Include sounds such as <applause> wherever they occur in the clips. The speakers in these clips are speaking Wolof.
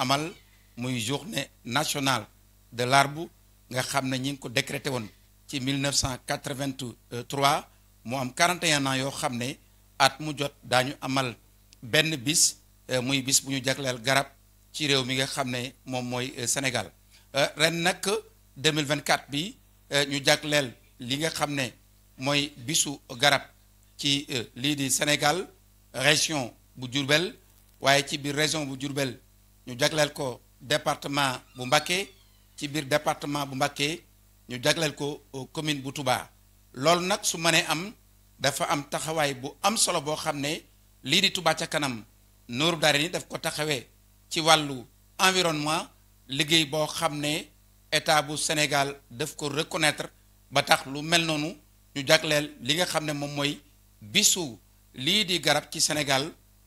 amal muy journée nationale de l'arbre nga xam ne ñi ngi ko décrété woon ci 1983 mu am 41 ans yoo xam ne at mu jot daañu amal benn bis euh, muy bis bu ñu jagleel garab ci réew mi nga xam ne moom mooy euh, Sénégal euh, ren nag 2024 bi ñu jagleel li nga xam ne mooy bisu garab ci lii di Sénégal région bu Diourbel waaye ci biir région bu Diourbel ñu jagleel ko département bu Mbacké ci biir département bu Mbacké ñu jagleel ko euh, commune bu Touba loolu nag su mënee am dafa am taxawaay bu am solo boo xam ne lii di Touba ca kanam nooru daara ni daf ko taxawee ci wàllu environnement liggéey boo xam ne état bu Sénégal def ko reconnaître ba tax lu mel noonu ñu jagleel li nga xam ne moom mooy bisu lii di garab ci Sénégal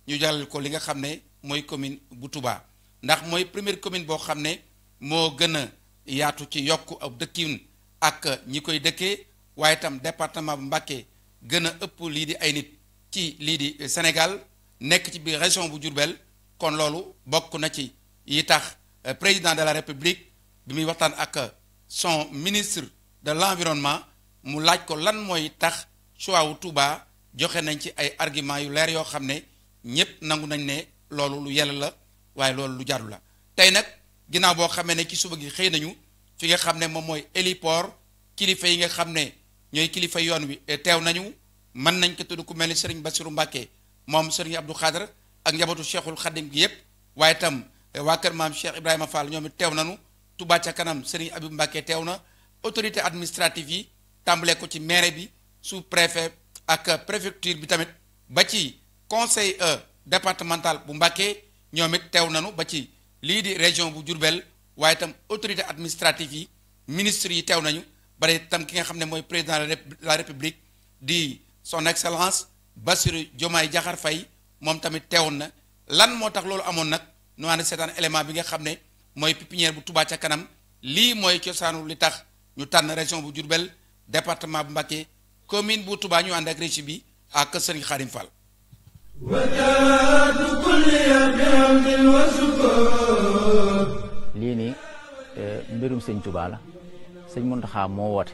ñu jagleel ko li nga xam ne mooy commune bu Touba. ndax mooy première commune boo xam ne moo gën a yaatu ci yokk ab dëkkin ak ñi koy dëkkee waaye itam département bu Mbacké gën a ëpp lii di ay nit ci lii di Sénégal nekk ci biir région bu Diourbel kon loolu bokk na ci yi tax euh, président de la République bi muy waxtaan ak son ministre de l'environnement mu laaj ko lan mooy tax choix wu joxe nañ ci ay arguments yu leer yoo xam ne ñépp nangu nañ ne loolu lu yell la waaye loolu lu jaadu la tey nag ginnaaw boo xamee ne ci suba gi xëy nañu fi nga xam ne moom mooy héliport kilifa yi nga xam ne ñooy kilifa yoon wi eh, teew nañu mën nañ ko tudd ku mel ni Serigne Bassirou Mbacké moom Serigne Abdou Khadre ak njabootu Cheikhul Khadim gi yépp waaye itam eh, waa kër maam Cheikh Ibrahima Fall ñoom it teew nañu Touba ca kanam Serigne Abib Mbacké teew na autorité administrative yi tàmbalee ko ci maire bi sous préfet ak préfecture bi tamit ba ci conseil euh, départemental bu Mbacké ñoom it teew nanu ba ci lii di région bu Diourbel waaye itam autorité administrative yi ministre yi teew nañu bare tam ki nga xam ne mooy président de la république di son excellence Bassirou Diomaye Diakhar fay moom tamit teewoon na lan moo tax loolu amoon nag nu ànd seetaan élément bi nga xam ne mooy pépinière bu tubaa ca kanam lii mooy cosaanu li tax ñu tànn région bu Diourbel département bu Mbacké commune bu tubaa ñu ànd ak régi bi ak Serigne Khadim lii nii eh, mbirum sëñ Touba la sëñ Mountakha moo woote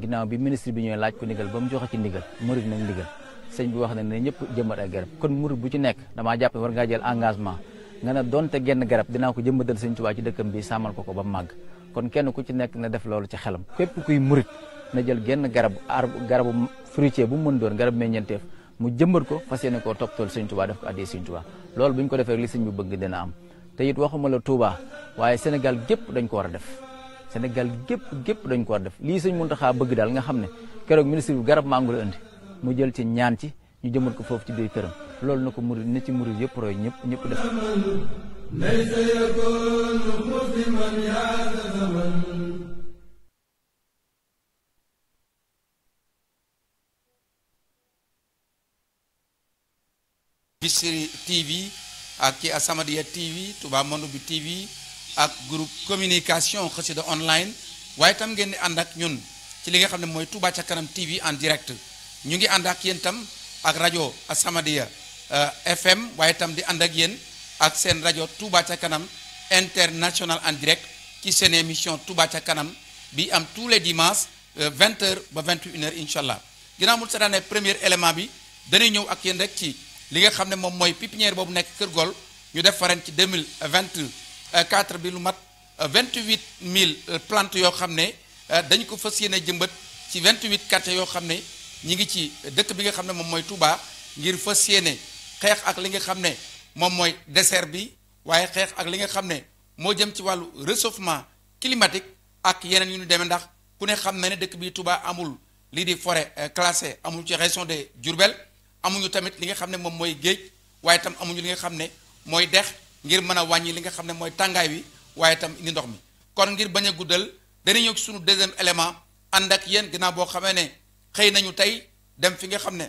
ginnaaw bi ministre bi ñooy laaj ko ndigal ba mu joxe ci ndigal murid nag ndigal sëñ bu wax ne ne ñëpp jëmbat ak garab kon murid bu ci nekk damaa jàpp war ngaa jël engagement nga ne donte genn garab dinaa ko jëmbatal sëñ Touba ci dëkkam bi sàmmal ko ko ba màgg kon kenn ku ci nekk na def loolu ci xelam képp kuy murid na jël genn garab arbre garabu fruitier bu mu mën doon garab meññeenteef mu jëmbat ko fas yéene koo toppatool sëñ Touba def ko addee sëñ Touba loolu bu ñu ko defee li sëñ bi bëgg dina am te it waxuma la Touba waaye Sénégal gépp dañ ko war a def senegal gépp gépp dañ ko war a def lii sëñ Mountakha bëgg daal nga xam ne keroog ministre bi garab mangu la indi mu jël ci ñaan ci ñu jëmbat ko foofu ci biir këram loolu na ko murid na ci murid yëpp roy ñëpp ñëpp def Bichri TV ak ci Asamadia TV Touba Monde bi TV ak groupe communication xasida online waaye tam ngeen di ànd ak ñun ci li nga xam ne mooy Touba ca kanam TV en direct ñu ngi ànd ak yéen tam ak rajo Asamadia euh, FM waaye tam di ànd ak yéen ak seen rajo Touba ca kanam international en direct ci seen émission Touba ca kanam bi am tous les dimanches 20 euh, heures ba 21 heures incha allah ginnaaw premier élément bi dañuy ñëw ak yéen rek ci. li nga xam ne moom mooy pépinière boobu nekk Kër Gol ñu def fa ci deux mille vingt-quatre bi lu mat vingt-huit mille euh, plantes yoo xam ne euh, dañu ko fas yéene jëmbat ci vingt-huit quartiers yoo xam ne ñi ngi ci dëkk bi nga xam ne moom mooy Touba ngir fas yéene xeex ak li nga xam ne moom mooy désert bi waaye xeex ak li nga xam ne moo jëm ci wàllu réchauffement climatique ak yeneen yu ñu demee ndax ku ne xam ne ne dëkk bi Touba amul lii di fore euh, classée amul ci région de Diourbel amuñu tamit li nga xam ne moom mooy géej waaye tam amuñu li nga xam ne mooy dex ngir mën a wàññi li nga xam ne mooy tàngaay bi waaye tam indi ndox mi kon ngir bañ a guddal dañuy ñëw ci suñu deuxième élément ànd ak yéen ginnaaw boo xamee ne xëy nañu tey dem fi nga xam ne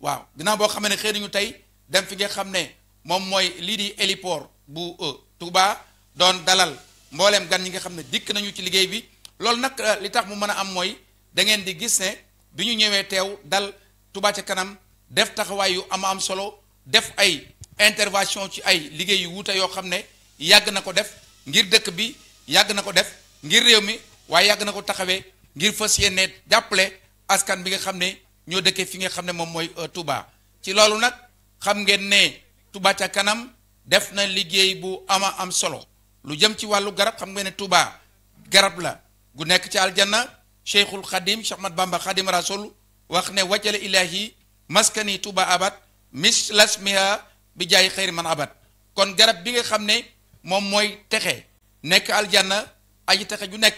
waaw ginnaaw boo xamee ne xëy nañu tey dem fi nga xam ne moom mooy lii di héliport bu euh, Touba doon dalal mbooleem gan ñi nga xam ne dikk nañu ci liggéey bi loolu nag euh, li tax mu mën a am mooy da ngeen di gis ne bi ñu ñëwee teew dal Touba ca kanam def taxawaay yu am am solo def ay intervention ci ay liggéey yu wuute yoo xam ne yàgg na ko def ngir dëkk bi yàgg na ko def ngir réew mi waaye yàgg na ko taxawee ngir fas yéene jàppale askan bi nga xam ne ñoo dëkkee fi nga xam ne moom mooy euh, Touba ci loolu nag xam ngeen ne tubaa ca kanam def na liggéey bu ama am solo lu jëm ci wàllu garab xam ngeen ne Touba garab la gu nekk ci aljanna Cheikhul Khadim Cheikh Ahmad Bamba Khadim Rasoul wax ne wajale ilaahi maskani tuba abat miss lasmiha bi jaay xëyri man abat kon garab bi nga xam ne moom mooy texe nekk aljanna aji texe ju nekk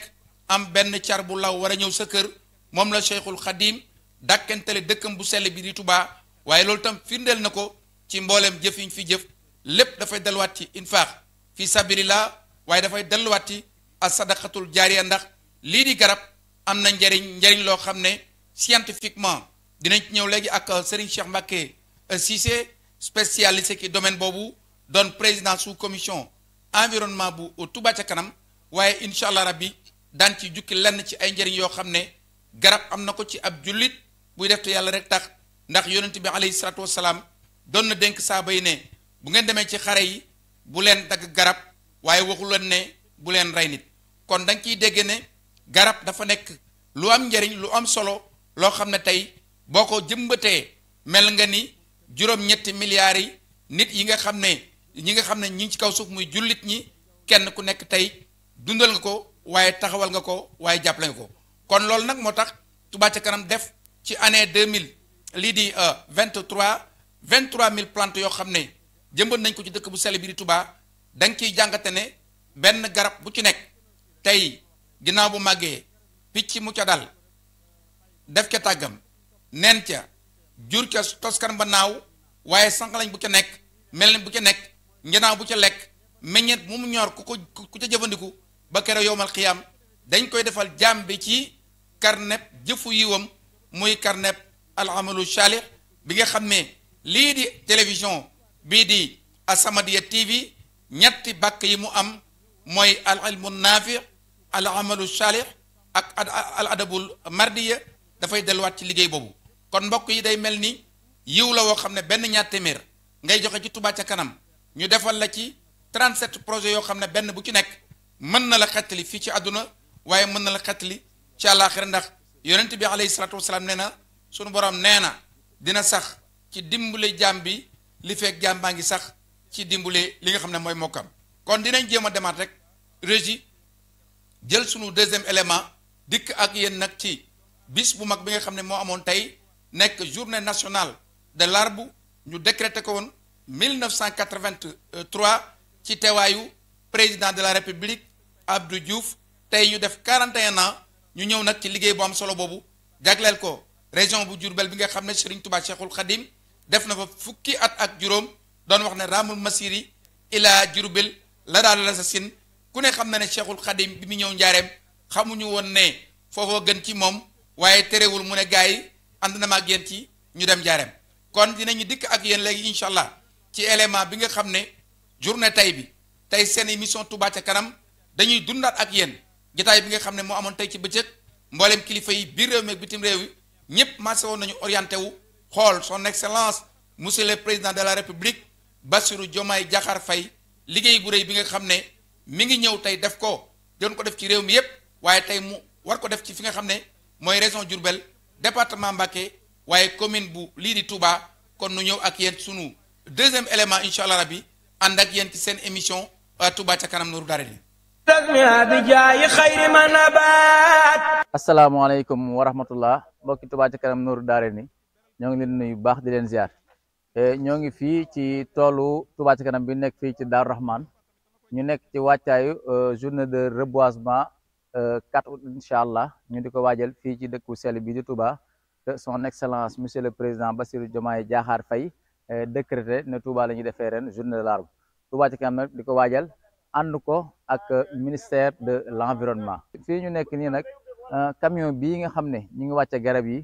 am benn car bu law war a ñëw sa kër moom la cheikhul xadim dàkkantele dëkkam bu sell bi di tubaa waaye loolu tam firndeel na ko ci mbooleem jëf yiñ fi jëf lépp dafay delluwaat ci infaax fi sabilillah waaye dafay delluwaat ci as sadaqatul jaariya ndax lii di garab am na njariñ njariñ loo xam ne scientifiquement dinañ ñëw léegi ak euh, Serigne Cheikh Mbacké euh, Cissé spécialiste ci domaine boobu doon président sous commission environnement bu Touba ca kanam waaye incha allah bi daan ci jukki lenn ci ay njëriñ yoo xam ne garab am na ko ci ab jullit buy def yàlla rek tax ndax yonent bi alayhi salaatu wasalaam doon na dénk saaba yi ne bu ngeen demee ci xare yi bu leen dagg garab waaye waxu leen ne bu leen rey nit kon da kiy ciy ne garab dafa nekk lu am njëriñ lu am solo loo xam ne tey boo ko jëmbatee mel nga ni juróom-ñetti milliards yi nit yi nga xam ne ñi nga xam ne ñi ngi ci kaw suuf muy jullit ñi kenn ku nekk tey dundal nga ko waaye taxawal nga ko waaye jàppale nga ko kon loolu nag moo tax tubaa ca kanam def ci année deux mille lii di euh, vingt trois vingt trois mille plantes yoo xam ne jëmbat nañ ko ci dëkk bu sell bi di Touba da nga ciy jàngate ne benn garab bu ci nekk tey ginnaaw bu màggee picc mu ca def ka tàggam nen ca jur ca toskan ba naaw waaye sànq lañ bu ca nekk mel nañ bu ca nekk njanaaw bu ca lekk meññeet mu mu ñor ku ko ku ca jëfandiku ba kere yowmal xiyaam dañ koy defal jaam bi ci karneb jëfu yiwam muy karneb alamalu saalix bi nga xam ne lii di télévision bii di As-Samadiyya TV ñetti bàkk yi mu am mooy al ilmu naafi al amalu saalix ak al adabul mardiya dafay delluwaat ci liggéey boobu kon mbokk yi day mel ni yiw la woo xam ne benn ñaat téeméer ngay joxe ci tubaat ca kanam ñu defal la ci 37 projets yoo xam ne benn bu ci nekk mën na la xettali fii ci àdduna waaye mën na la xettali ci àllaaxira ndax yonent bi alayhi salaatu wasalaam nee na sunu borom nee na dina sax ci dimbale jaam bi li fekk jaam baa ngi sax ci dimbale li nga xam ne mooy mokkam kon dinañ jéem a demaat rek régi jël sunu deuxième élément dikk ak yéen nag ci bis bu mag bi nga xam ne moo amoon tey nekk journée nationale de l'arbre ñu décrété ko woon 1983 ci teewaayu président de la république abdu Diouf tey ñu def quarante en an ñu ñëw nag ci liggéey bu am solo boobu jagleel ko région bu Diourbel bi nga xam ne Serigne Touba Cheikhul Khadim def na fa fukki at ak juróom doon wax ne Ramul Masiri ila Diourbel la daal la sa sin ku ne xam na ne Cheikhul Khadim bi mu ñëw njaareem xamuñu woon ne foofoo gën ci moom. waaye terewul mu ne gars yi ànd na ma ak ci ñu dem jaareem kon ñu dikk ak yéen léegi incha allah ci élément bi nga xam ne journée tey bi tey seen mission Touba ca kanam dañuy dundaat ak yéen jotaay bi nga xam ne moo amoon tey ci bëccëg mbooleem kilifa yi biir réew mi ak bitim réew yi ñëpp maase woon nañu orienté wu xool son excellence monsieur le président de la république Bassirou Diomaye Diakhar fay liggéey bu rëy bi nga xam ne mi ngi ñëw tey def ko doon ko def ci réew mi yépp waaye tey mu war ko def ci fi nga xam ne mooy région Diourbel département Mbacké waaye commune bu lii di Touba kon nu ñëw ak yéen sunu deuxième élément incha allah rabbi ànd ak yéen seen émission euh, Touba ca kanam nooru daarayni asalaamaaleykum wa rahmatullah mbokki Touba ca kanam nooru daarayni ñoo ngi leen nuyu baax di leen ziar eh, ñoo ngi fii ci toolu Touba ca kanam bi nekk fii ci Daaru Rahman ñu nekk ci wàccaayu euh, journée de reboisement 4 août incha allah ñu di ko waajal fii ci dëkku sell bi di Touba te son excellence monsieur le président Bassirou Diomaye Diakhar Faye eh, décrété ne Touba la ñuy defee ren journée de l'arbre Touba ci kanam nag di ko waajal ànd ko ak ministère de l'environnement. fii ñu nekk nii nag eh, camion bii nga xam ne ñu ngi wàcce garab yi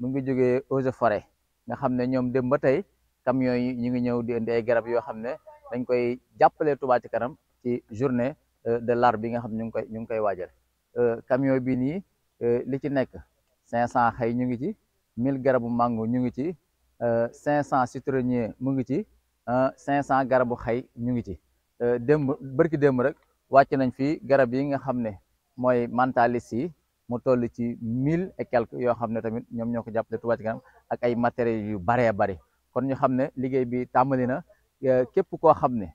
mu ngi jógee eaux et forêt nga xam ne ñoom dem ba tey camion yi ñu ngi ñëw di ay garab yoo xam ne dañ koy jàppale Touba ci kanam ci journée eh, de l'arbre bi nga xam ñu ngi ñu ngi koy waajal. Euh, camion bi nii euh, li ci nekk cinq cent xëy ñu ngi ci mille garabu mango ñu ngi ci euh, cinq cent citronnier mu ngi ci cinq cent garabu xëy ñu ngi ci démb bërki démb rek wàcc nañ fi garab yi nga xam ne mooy mentaliste yi mu toll ci mille et quelques yoo xam ne tamit ñoom ñoo ko jàppale Touba ca kanam ak ay matériels yu baree bari kon ñu xam ne liggéey bi tàmbali na képp koo xam ne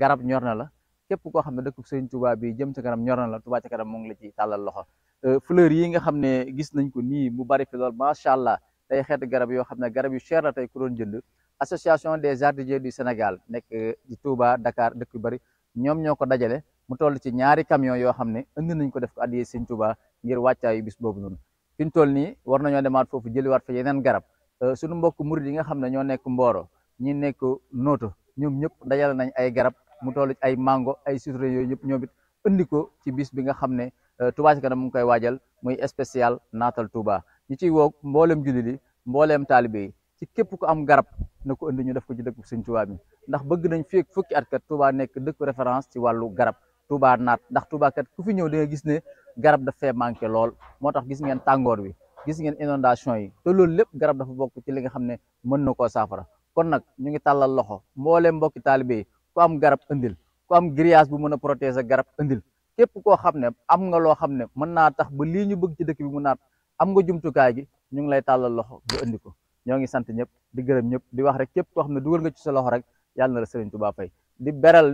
garab ñor na la képp koo xam ne dëkk sëñ Touba bi jëm ca kanam ñor na la Touba ca kanam mu ngi la ci tàllal loxo euh, fleur yi nga xam ne gis nañ ko nii mu bari fi lool macha allah tey xeetu garab yoo xam ne garab yu cher la tey ku jënd association des jardiniers du Sénégal nekk euh, di Touba Dakar dëkk yu bari ñoom ñoo ko dajale mu toll ci ñaari camion yoo xam ne indi nañ ko def ko addiyee sëñ Touba ngir wàccaayu bis boobu noonu fi ñu toll nii war nañoo demaat foofu jëliwaat fa yeneen garab euh, suñu mbokk murid yi nga xam ne ñoo nekk Mboro ñi nekk Noto ñoom ñëpp dajale nañ ay garab mu toll ci ay mango ay citron yooyu yëpp ñoom it indi ko ci bis bi nga xam ne euh, Touba ci kanam mu ngi koy waajal muy spécial naatal Touba ñu ciy woo mboolem jullit di mbooleem taalibe yi ci képp ku am garab na ko indi ñu def ko ci dëkk Sëñ Touba bi ndax bëgg nañ fi fukki atkat kat nekk dëkk référence ci wàllu garab Touba naat ndax Touba kat ku fi ñëw da gis ne garab daf fee manqué lool moo tax gis ngeen tàngoor bi gis ngeen inondation yi te loolu lépp garab dafa bokk ci li nga xam ne mën na koo saafara kon nag ñu ngi tàllal loxo mboolem mbokki taalibe yi ku am garab indil ku am grillage bu mën a garab indil képp koo xam ne am nga loo xam ne mën naa tax ba lii ñu bëgg ci dëkk bi mu naat am nga jumtukaay gi ñu ngi lay tàllal loxo bu indi ko ñoo ngi sant ñëpp di gërëm ñëpp di wax rek képp koo xam ne dugal nga ci sa loxo rek yàlla na la Serigne Touba fay di beral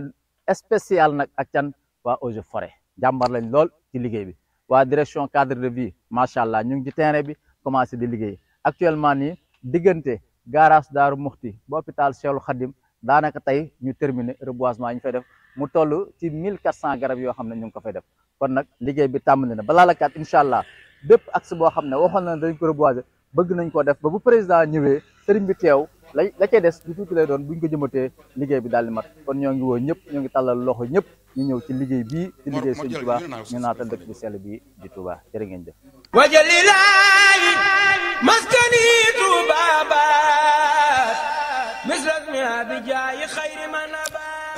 spécial nag ak can waa eaux et forêt lañ lool ci liggéey bi waa direction cadre de vie macha allah ñu ngi ci terrain bi commencé di liggéey actuellement nii diggante garage Daaru Muxti ba hôpital Cheikhul Khadim daanaka tey ñu terminer reboisement ñu fay def mu toll ci mille quatre cent garab yoo xam ne ñu ngi ko fay def kon nag liggéey bi tàmbali na balaa la kat incha allah bépp axe boo xam ne waxoon na dañ ko reboiser bëgg nañ ko def ba bu président ñëwee sëriñ bi teew la la cay des du tuuti lay doon buñ ko te liggéey bi daal di mat kon ñoo ngi woo ñëpp ñoo ngi tàllal loxo ñëpp ñu ñëw ci liggéey bi ci liggéey sëñ Touba ñu naatal dëkk bi sell bi di Touba jërë ngeen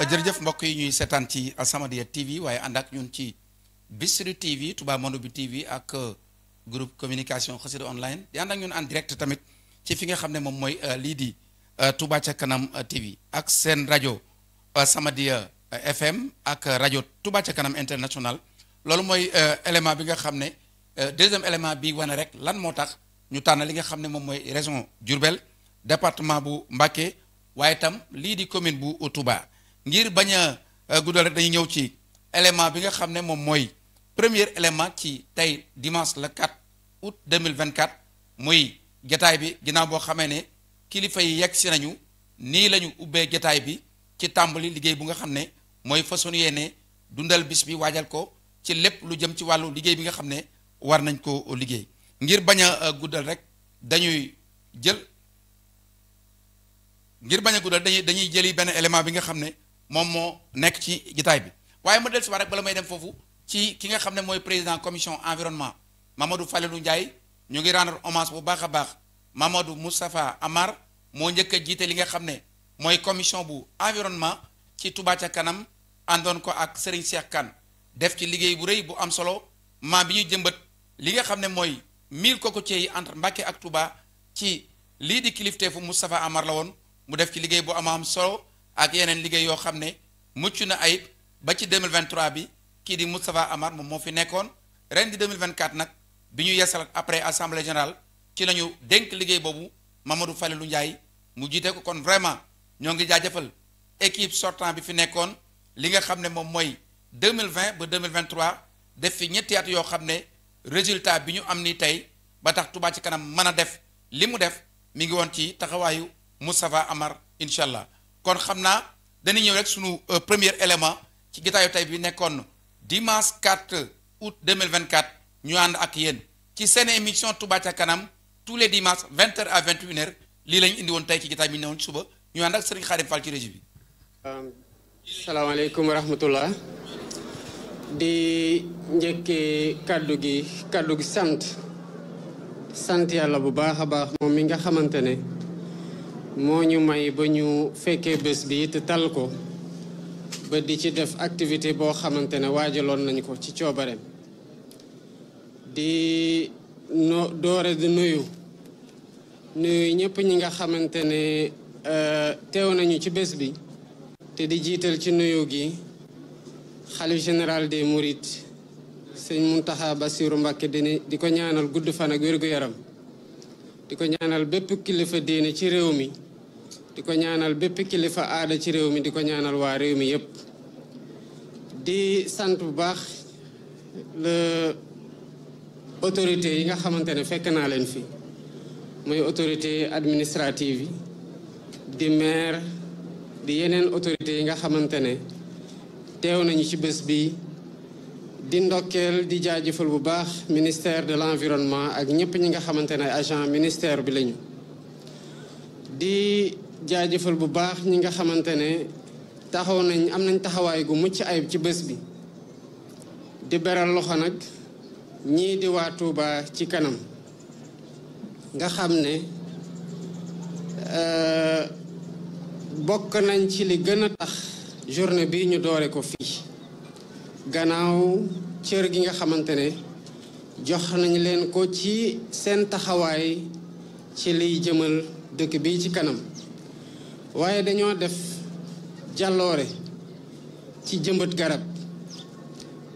jërëjëf mbokk yi ñuy seetaan ci As-Samadiyya TV waaye ànd ak ñun ci Bichri TV Touba Monde bi TV ak euh, groupe communication Xassida online di ànd ak ñun en direct tamit ci fi nga xam ne moom mooy euh, lii di euh, Touba ca kanam TV ak seen rajo As-Samadiyya FM ak rajo Touba ca kanam international loolu mooy élément bi nga xam ne deuxième élément bi wane rek lan moo tax ñu tànn li nga xam ne moom mooy région Diourbel département bu Mbacké waaye itam lii di commune bu Touba ngir bañ a euh, guddal rek dañuy ñëw ci élément bi nga xam ne moom mooy premier élément ci tey dimanche le 4 août 2024 muy gataay bi ginnaaw boo xamee ne kilifa yi yegg si nañu nii la ñu ubbee jataay bi ci tàmbali liggéey bu nga xam ne mooy façon yéene dundal bis bi waajal ko ci lépp lu jëm ci wàllu liggéey bi nga xam ne war nañ ko liggéey ngir bañ a euh, guddal rek dañuy jël ngir bañ a guddal dañuy dañuy jëli benn élément bi nga xam ne moom moo nekk ci jitaay bi waaye ma del si rek bala may dem foofu ci ki nga xam ne mooy président commission environnement mamadu Falilou Ndiaye ñu ngi rendre hommage bu baax a baax Mamadou mustapha Amar moo njëkk a jiite li nga xam ne mooy commission bu environnement ci tubaa ca kanam àndoon ko ak Serigne Cheikh Kane def ci liggéey bu rëy bu am solo maa bi ñuy jëmbat li nga xam ne mooy mille cocotiers entre Mbacké ak Touba ci lii di kilifteefu Moustapha Amar la woon mu def ci liggéey boo am am solo ak yeneen liggéey yoo xam ne mucc na ayib ba ci 2023 bi kii di Moustapha Amar moom moo fi nekkoon ren di 2024 nag bi ñu yeesal après assemblée générale ci la ñu dénk liggéey boobu ma fale lu njaay mu jiite ko kon vraiment ñoo ngi jaajëfal équipe sortant bi fi nekkoon li nga xam ne moom mooy 2020 ba 2023 def fi ñetti at yoo xam ne résultat bi ñu am ni tey ba tax Touba ci kanam mën a def li mu def mi ngi woon ci taxawaayu. Moustapha Amar incha allah kon xam naa dañuy ñëw rek sunu euh, première élément ci yu tey bi nekkoon dimanche 4 août 2024 ñu ànd ak yéen ci seen émission Touba ca kanam tous les dimanches 20h à 21 lii la ñu indi woon tey ci gitaay bi ñu ne woon suba ñu ànd ak sëriñ Xaadim Fall ci régie bi. salaamaaleykum wa rahmatullah di njëkkee kàddu gi kàddu gi sant sant yàlla bu baax a baax moom mi nga xamante ne. moo ñu may ba ñu fekkee bés bi te tal ko ba di ci def activité boo xamante ne waajaloon nañ ko ci coobareem di no dooree di nuyu nuyu ñëpp ñi nga xamante ne euh, teew nañu ci bés bi te di jiital ci nuyu gi xalif général de murit sëñ Muntaxa Basiru Mbàkke di ko ñaanal gudd fan ak wér-gu-yaram di ko ñaanal bépp kilifa diine ci réew mi di ko ñaanal bépp kilifa aada ci réew mi di ko ñaanal waa réew mi yépp di sant bu baax le autorité yi nga xamante ne fekk naa leen fi mooy autorité administrative yi di maire di yeneen autorité yi nga xamante ne teew nañu ci bés bi di ndokkeel di jaajëfal bu baax ministère de l'environnement ak ñëpp ñi nga xamante ne agent ministère bi lañu di jaajëfal bu baax ñi nga xamante ne taxaw nañ am nañ taxawaay gu mucc ayib ci bés bi di beral loxo nag ñii di waa Touba ci kanam nga xam ne euh, bokk nañ ci li gën a tax journée bi ñu doore ko fii gannaaw cër gi nga xamante ne jox nañ leen ko ci seen taxawaay ci liy jëmal dëkk bi ci kanam waaye dañoo def jàlloore ci jëmbët garab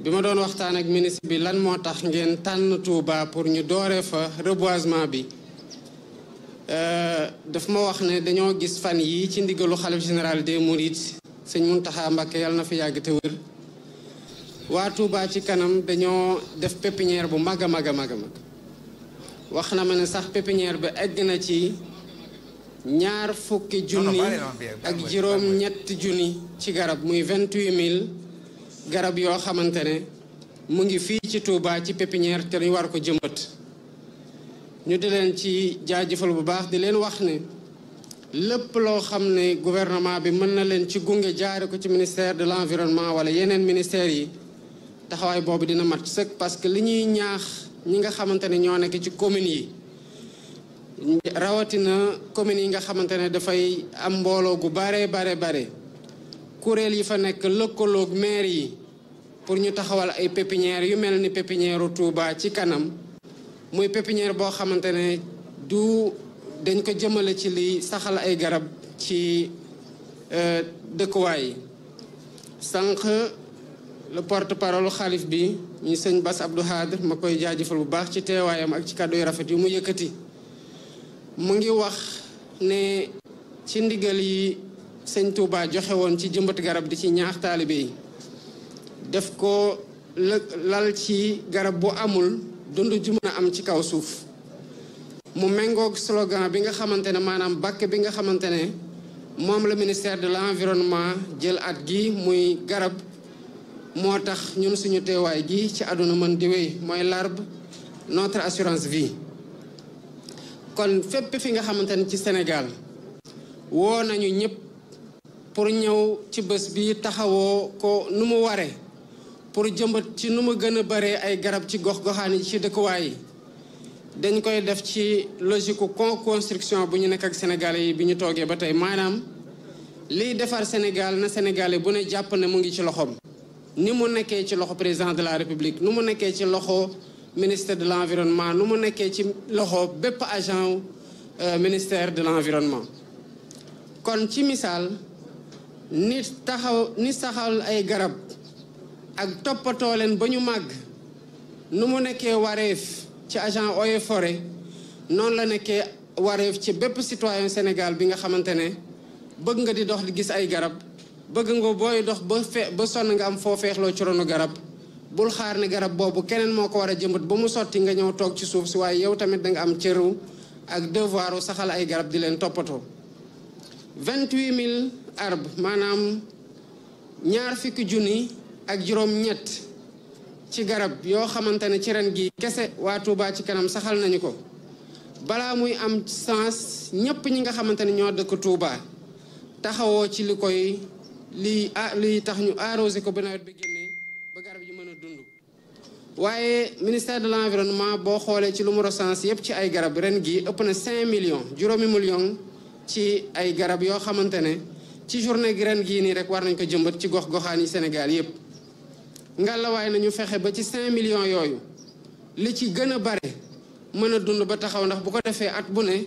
bi ma doon waxtaan ak ministre bi lan moo tax ngeen tànn Touba pour ñu doore fa reboisement bi euh, dafa ma wax ne dañoo gis fan yi ci ndigalu xalif général des Mourides sëñ Mountakha Mbacké yàlla na fi yàgg te wër waa Touba ci kanam dañoo def pépinière bu mag a mag a mag wax na ma ne sax pépinière bi egg ci ñaar fukki junni ak juróom ñetti junni ci garab muy vingt-huit mille garab yoo xamante ne mu ngi fii ci Touba ci pépinière te ñu war ko jëmbat ñu di leen ci jaajëfal bu baax di leen wax ne lépp loo xam ne gouvernement bi mën na leen ci gunge jaare ko ci ministère de l'environnement wala yeneen ministères yi taxawaay boobu dina mat sëkk parce que li ñuy ñaax ñi nga xamante ne ñoo nekk ci communes yi rawatina communes yi nga xamante ne dafay am mbooloo gu bare bare bare kuréel yi fa nekk lëkkaloog maire yi pour ñu taxawal ay pépinières yu mel ni pépinière Touba ci kanam muy pépinière boo xamante ne du dañ ko jëmale ci li saxal ay garab ci euh, dëkkuwaay yi sànq le porte-parole xalif bi ñu sëñ Bass Abdou Khadre ma koy jaajëfal bu baax ci teewaayam ak ci kàddu rafet yu mu yëkkati mu ngi wax ne ci ndigal yi sëñ Touba joxe woon ci jëmbat garab di ci ñaax taalibe yi def ko lal ci garab bu amul dund ju mën a am ci kaw suuf mu méngoog slogan bi nga xamante ne maanaam bakk bi nga xamante ne moom la ministère de l'environnement jël at gi muy garab moo tax ñun suñu teewaay gi ci àdduna mën di wéy mooy larbe notre assurance vie kon fépp fi nga xamante ne ci Sénégal woo nañu ñëpp pour ñëw ci bés bi taxawoo ko nu mu waree pour jëmbat ci nu mu gën a baree ay garab ci gox-goxaan yi ci dëkkuwaay yi dañ koy def ci logique co-construction bu ñu nekk ak Sénégalais yi bi ñu toogee ba tey maanaam liy defar Sénégal na Sénégalais bu ne jàpp ne mu ngi ci loxoom. ni mu nekkee ci loxo président de la république nu mu nekkee ci loxo ministère de l' environnement nu mu nekkee ci loxo bépp agent euh, ministère de l' environnement kon ci misaal ni taxaw ni saxal ay garab ak toppatoo leen ba ñu màgg nu mu nekkee wareef ci agent eaux et noonu la nekkee wareef ci bépp citoyen Sénégal bi nga xamante ne bëgg nga di dox di gis ay garab bëgg nga booy dox ba ba sonn nga am foo feexloo ci ronu garab bul xaar ne garab boobu keneen moo ko war a jëmbat ba mu sotti nga ñëw toog ci suuf si waaye yow tamit danga am cëru ak devoiru saxal ay garab di leen toppatoo. vingt-huit mille arbres maanaam ñaar fukki junni ak juróom-ñett ci garab yoo xamante ne ci ren gi kese waa Touba ci kanam saxal nañu ko balaa muy am sens ñépp ñi nga xamante ne ñoo dëkk Touba taxawoo ci li koy. lii ah lii tax ñu arrosé ko ba nawet bi génnee ba garab yi mën a dund waaye ministère de l' environnement boo xoolee ci lu mu recense yëpp ci ay garab ren gi ëpp na 5 millions juróomi million ci ay garab yoo xamante ne ci journée gi ren gii nii rek war nañ ko jëmbat ci gox goxaan yi Sénégal yëpp ngalawaay na ñu fexe ba ci 5 millions yooyu li ci gën a bare mën a dund ba taxaw ndax bu ko defee at bu ne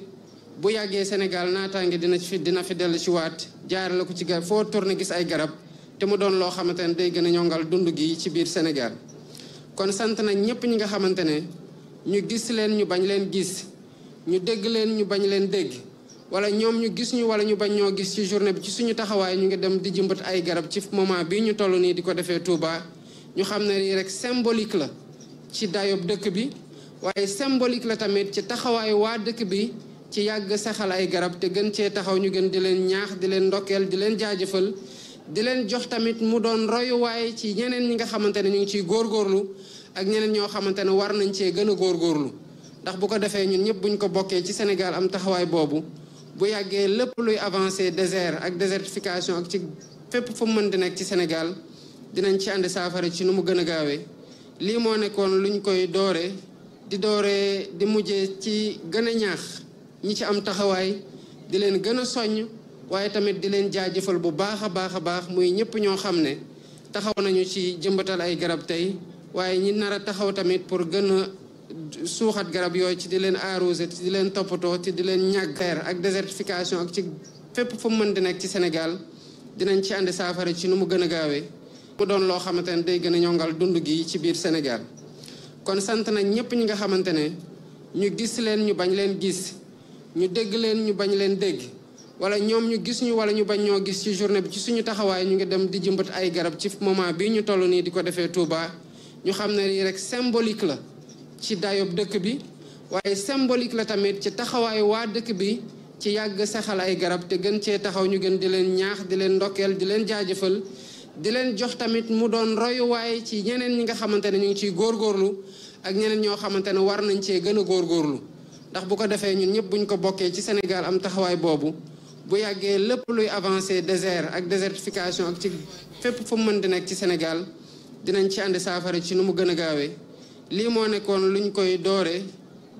bu yàggee Sénégal naataange dina fi dina fi dellu ci waat jaare la ko ci garab foo tourné gis ay garab te mu doon loo xamante ne day gën a ñongal dund gi ci biir Sénégal kon sant nañ ñëpp ñi nga xamante ne ñu gis leen ñu bañ leen gis ñu dégg leen ñu bañ leen dégg wala ñoom ñu gis ñu wala ñu bañ ñoo gis ci journée bi ci suñu taxawaay ñu ngi dem di jëmbat ay garab ci moment bii ñu toll nii di ko defee Touba ñu xam ne nii rek symbolique la ci dayob dëkk bi waaye symbolique la tamit ci taxawaayu waa dëkk bi ci yàgg saxal ay garab te gën cee taxaw ñu gën di leen ñaax di leen ndokkeel di leen jaajëfal di leen jox tamit mu doon royuwaay ci ñeneen ñi nga xamante ne ñu ngi ciy góorgóorlu ak ñeneen ñoo xamante ne war nañ cee gën a góorlu ndax bu ko defee ñun ñëpp buñ ko bokkee ci Sénégal am taxawaay boobu bu yàggee lépp luy avancé désert ak désertification ak ci fépp fu mu mën di nekk ci senegal dinañ ci ànd saafara ci nu mu gën a gaawee lii moo nekkoon luñ koy doore di doore di mujjee ci gën a ñaax ñi ci am taxawaay di leen gën a soññ waaye tamit di leen jaajëfal bu baax a baax a baax muy ñëpp ñoo xam ne taxaw nañu ci jëmbatal ay garab tey waaye ñi nar a taxaw tamit pour gën a suuxat garab yooyu ci di leen arroser ci di leen toppatoo ci di leen ñàgg ak désertification ak ci fépp fu mu mën di nekk ci senegal dinañ ci ànd saafara ci nu mu gën a gaawee mu doon loo xamante ne day gën a ñongal dund gi ci biir Sénégal kon sant nañ ñëpp ñi nga xamante ne ñu gis leen ñu bañ leen gis ñu dégg leen ñu bañ leen dégg wala ñoom ñu gis ñu wala ñu bañ ñoo gis ci journée bi ci suñu taxawaay ñu ngi dem di jëmbat ay garab ci moment bii ñu toll nii di ko defee Touba ñu xam ne lii rek symbolique la ci dayob dëkk bi waaye symbolique la tamit ci taxawaay waa dëkk bi ci yàgg saxal ay garab te gën cee taxaw ñu gën di leen ñaax di leen ndokkeel di leen jaajëfal di leen jox tamit mu doon royuwaay ci ñeneen ñi nga xamante ne ñu ngi ciy góorgóorlu ak ñeneen ñoo xamante ne war nañ cee gën a góorgóorlu ndax bu ko defee ñun ñëpp buñ ko bokkee ci Sénégal am taxawaay boobu bu yàggee lépp luy avancer désert ak désertification ak ci fépp fu mu mën di nekk ci senegal dinañ ci ànd saafara ci nu mu gën a gaawee lii moo nekkoon luñ koy doore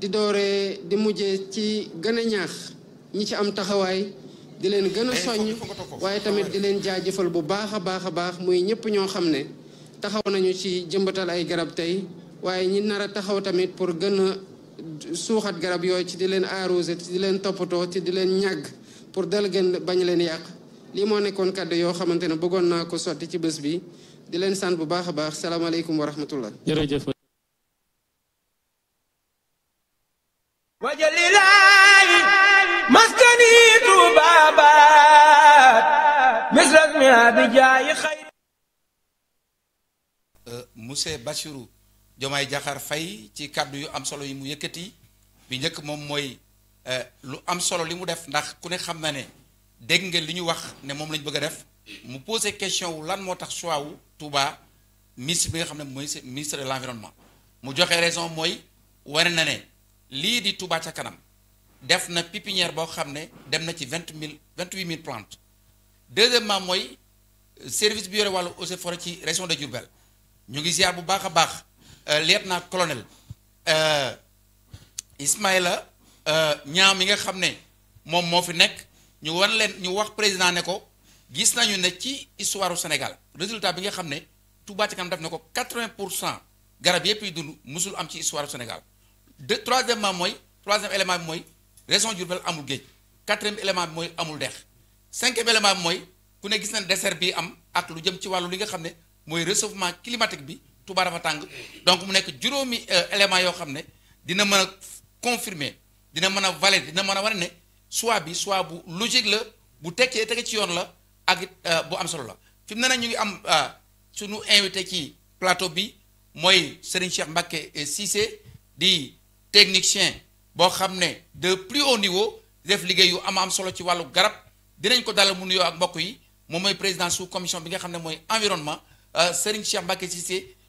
di dooree di mujjee ci gën a ñaax ñi ci am taxawaay di leen gën a eh, soññ waaye tamit di leen jaajëfal bu baax a baax a baax muy ñëpp ñoo xam ne taxaw nañu ci jëmbatal ay garab tey waaye ñi nar taxaw tamit pour gën suuxat garab yooyu ci di leen arrosé ci di leen toppatoo ci di leen ñàgg pour dal gën bañ leen yàq lii moo nekkoon kàdd yoo xamante ne bëggoon naa ko sotti ci bés bi di leen sant bu baax a baax salaamaaleykum wa rahmatullah jërëjëf wajalilaayi maskanitu baabaat misras Diomaye Diakhar fay ci kàddu yu am solo yi mu yëkkati bi njëkk moom mooy euh, lu am solo li mu def ndax ku ne xam na ne dégg nga li ñu wax ne moom lañ bëgg a def mu posé question wu lan moo tax choix wu Touba ministre bi nga xam ne mooy ministre de l'environnement mu joxe raison mooy war na ne lii di Touba ca kanam def na pépinière boo xam ne dem na ci vingt mille vingt huit mille plantes deuxièmement mooy euh, service bi yore wàllu eaux et forêt ci région de Diourbel ñu ngi ziar bu baax a baax. Euh, lieutenant colonel euh, Ismaïla euh, ñaam yi nga xam ne moom moo fi nekk ñu war leen ñu wax président ne ko gis nañu ne ci histoire u Sénégal résultat bi nga xam ne Touba Ca Kanam def na ko 80 pour cent garab yëpp yi dund mosul am ci histoire u Sénégal de troisièmement mooy troisième élément bi mooy région Diourbel amul géej quatrième élément bi mooy amul dex cinquième élément bi mooy ku ne gis nañ désert bi am ak lu jëm ci wàllu li nga xam ne mooy réchauffement climatique bi Touba dafa tàng donc mu nekk juróomi euh, élément yoo xam ne dina mën a confirmer dina mën a valider dina mën a wane ne soit bi soit bu logique la bu tekkee tege ci yoon la ak euh, bu am solo la fi mu ne nag ñu ngi am euh, suñu invité ci plateau bi mooy Serigne Cheikh Mbacké Cissé di technicien boo xam ne de plus haut niveau def liggéey yu am am solo ci wàllu garab dinañ ko dalal mu nuyoo ak mbokk yi moom mooy président sous commission bi nga xam ne mooy environnement Serigne Cheikh Mbacké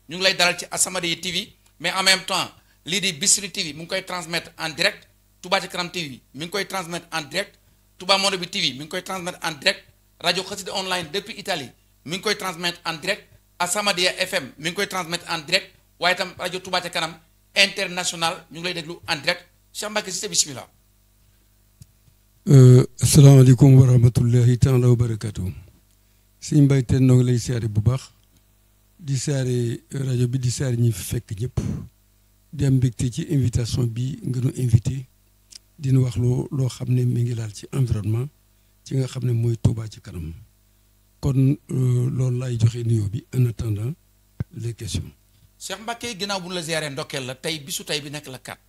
ñu ngi lay dalal ci As-Samadiyya TV mais en même temps lii di Bichri TV mu ngi koy transmettre en direct Touba Kanam TV mi ngi koy transmettre en direct Touba Monde bi TV mi ngi koy transmettre en direct rajo Xassida online depuis Italie mi ngi koy transmettre en direct As-Samadiyya FM mi ngi koy transmettre en direct waaye tam rajo Touba Ca Kanam international ñu ngi lay déglu en direct Cheikh Mbacké Cissé bismillah euh, asalaamaaleykum wa rahmatullahi taala wa barakatuh sëñ Mbaye Tène noo ngi lay bu baax di saare rajo bi di saare ñi fekk ñëpp di am mbégte ci invitation bi nga nu invité di wax loo loo xam ne mi ngi laal ci environnement ci nga xam ne mooy Touba ci kanam kon euh, loolu laay joxe nuyoo bi en attendant les questions. Cheikh Mbacké ginnaaw bu ñu la géré ndokkeel la tey bi su tey bi nekk la kat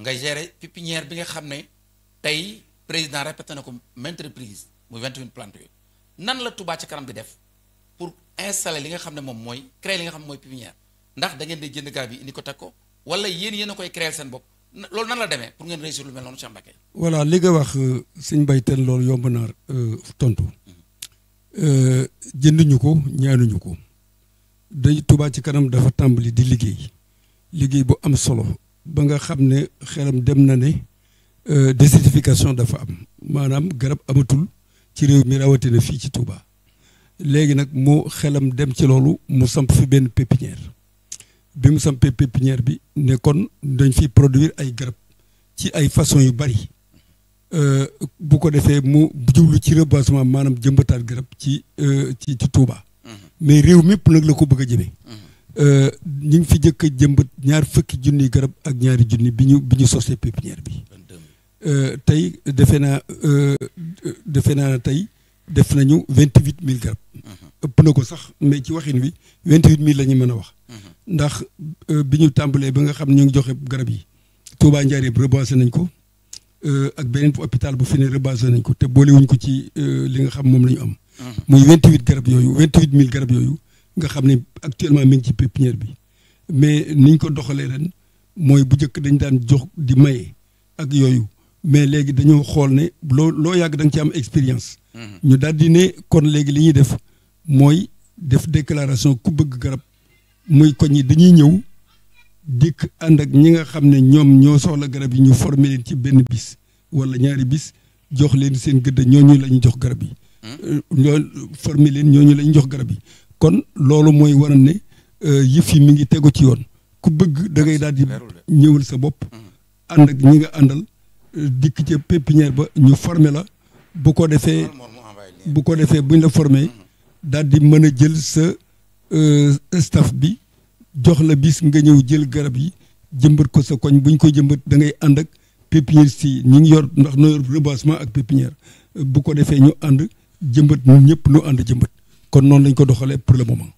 nga géré pépinière bi nga xam ne tey président répété ko maintes reprises mu 28 plante yooyu nan la Touba ci kanam bi def. installé li nga xam ne moom mooy créer li nga xam ne mooy pépinière ndax da ngeen di jënd garab yi indi ko teg ko wala yéen yéen a koy créer seen bopp loolu nan la demee pour ngeen réussir lu mel noonu Cheikh Mbacké voilà li nga euh, sëñ Mbaye Tène loolu yomb na euh, tontu mhm. euh, jënduñu ko ñaanuñu ko day Touba ci kanam dafa tàmbali di liggéey liggéey bu am solo ba nga xam ne xelam dem na ne désertification dafa am maanaam garab amatul ci réew mi rawatina fii ci Touba léegi nag mu xelam dem ci loolu mu samp fi benn pépinière bi mu sampee pépinière bi ne kon dañ fi produire ay garab ci ay façon yu bari euh, bu ko defee mu jublu ci reboisement maanaam jëmbataat garab ci euh, ci ci Touba. Mm-hmm. mais réew mépp nag la ko bëgg a jëmee. Mm-hmm. Euh, ñu ngi fi jëkk a jëmbat ñaar fukki junni garab ak ñaari junni bi ñu bi ñu sosee pépinière bi. tey defe naa defe naa tey. def nañu vingt huit mille garab. Mhm. ëpp na ko sax mais ci waxin wi vingt huit mille la ñu mën a wax. Mhm. ndax euh, bi ñu tàmbalee ba nga xam ñu ngi joxe garab yi. Touba Njaareeb reboisé nañ ko euh, ak beneen hôpital bu fi ne reboisé nañ ko te boolewuñ ko ci euh, li nga xam moom la ñu am. Mhm. muy vingt huit garab yooyu vingt huit mille garab yooyu nga xam ni actuellement mi ngi ci pépinière bi mais niñ ko doxalee ren mooy bu njëkk dañ daan jox di maye ak yooyu. mais léegi dañoo xool ne loo loo yàgg danga nga ci am expérience. Mm-hmm. ñu daal di ne kon léegi li ñuy def mooy def déclaration ku bëgg garab muy koñ yi dañuy ñëw dikk ànd ak ñi nga xam ne ñoom ñoo soxla garab yi ñu former leen ci benn bis wala ñaari bis jox leen seen gëdd ñooñu la ñu jox garab yi. Mm-hmm. Euh, ñoo former leen ñooñu la jox garab yi kon loolu mooy waral ne euh, yëf yi mu ngi tegu ci yoon ku bëgg da ngay daal di ñëwal sa bopp mm-hmm. ànd ak ñi nga àndal. dikk ca pépinière ba ñu former la bu ko defee bu ko defee buñ la former daal di mën a jël sa euh, staff bi jox la bis nga ñëw jël garab yi jëmbat ko sa koñ buñ ko jëmbat da ànd ak pépinière si ñu ngi yor ndax no yor reboisement ak pépinière bu ko defee ñu ànd jëmbat ñun ñëpp ñu ànd jëmbat kon noonu lañ ko doxalee pour le moment.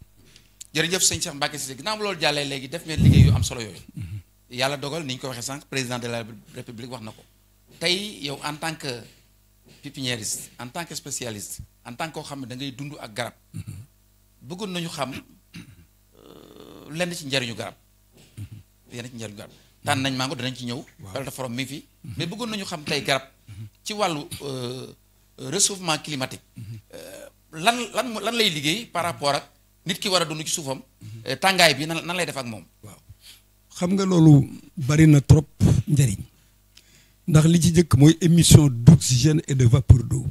jërëjëf sëñ Cheikh Mbacke Cissé ginnaaw loolu jàllee léegi def ngeen liggéey yu am solo yooyu. Mhm. yàlla dogal ni ñu ko waxee sànq président de la république wax na ko. tey yow en tant que pépiniériste en tant que spécialiste en tant que koo xam ne dangay dund ak garab bëggoon nañu xam euh, lenn ci njariñu garab lenn ci njariñu garab tànn nañ mango danañ ci ñëw belta forom mi fi mhm. mais bëggoon nañu xam tey garab ci wàllu euh, réchauffement climatique mhm. euh, lan lan lan lay liggéey par rapport ak nit ki war a dund ci suufam mhm. tàngaay bi nan nan lay def ak moom waaw xam nga loolu bari na trop njariñ ndax li ci njëkk mooy émission d'oxygène et de vapour d'eau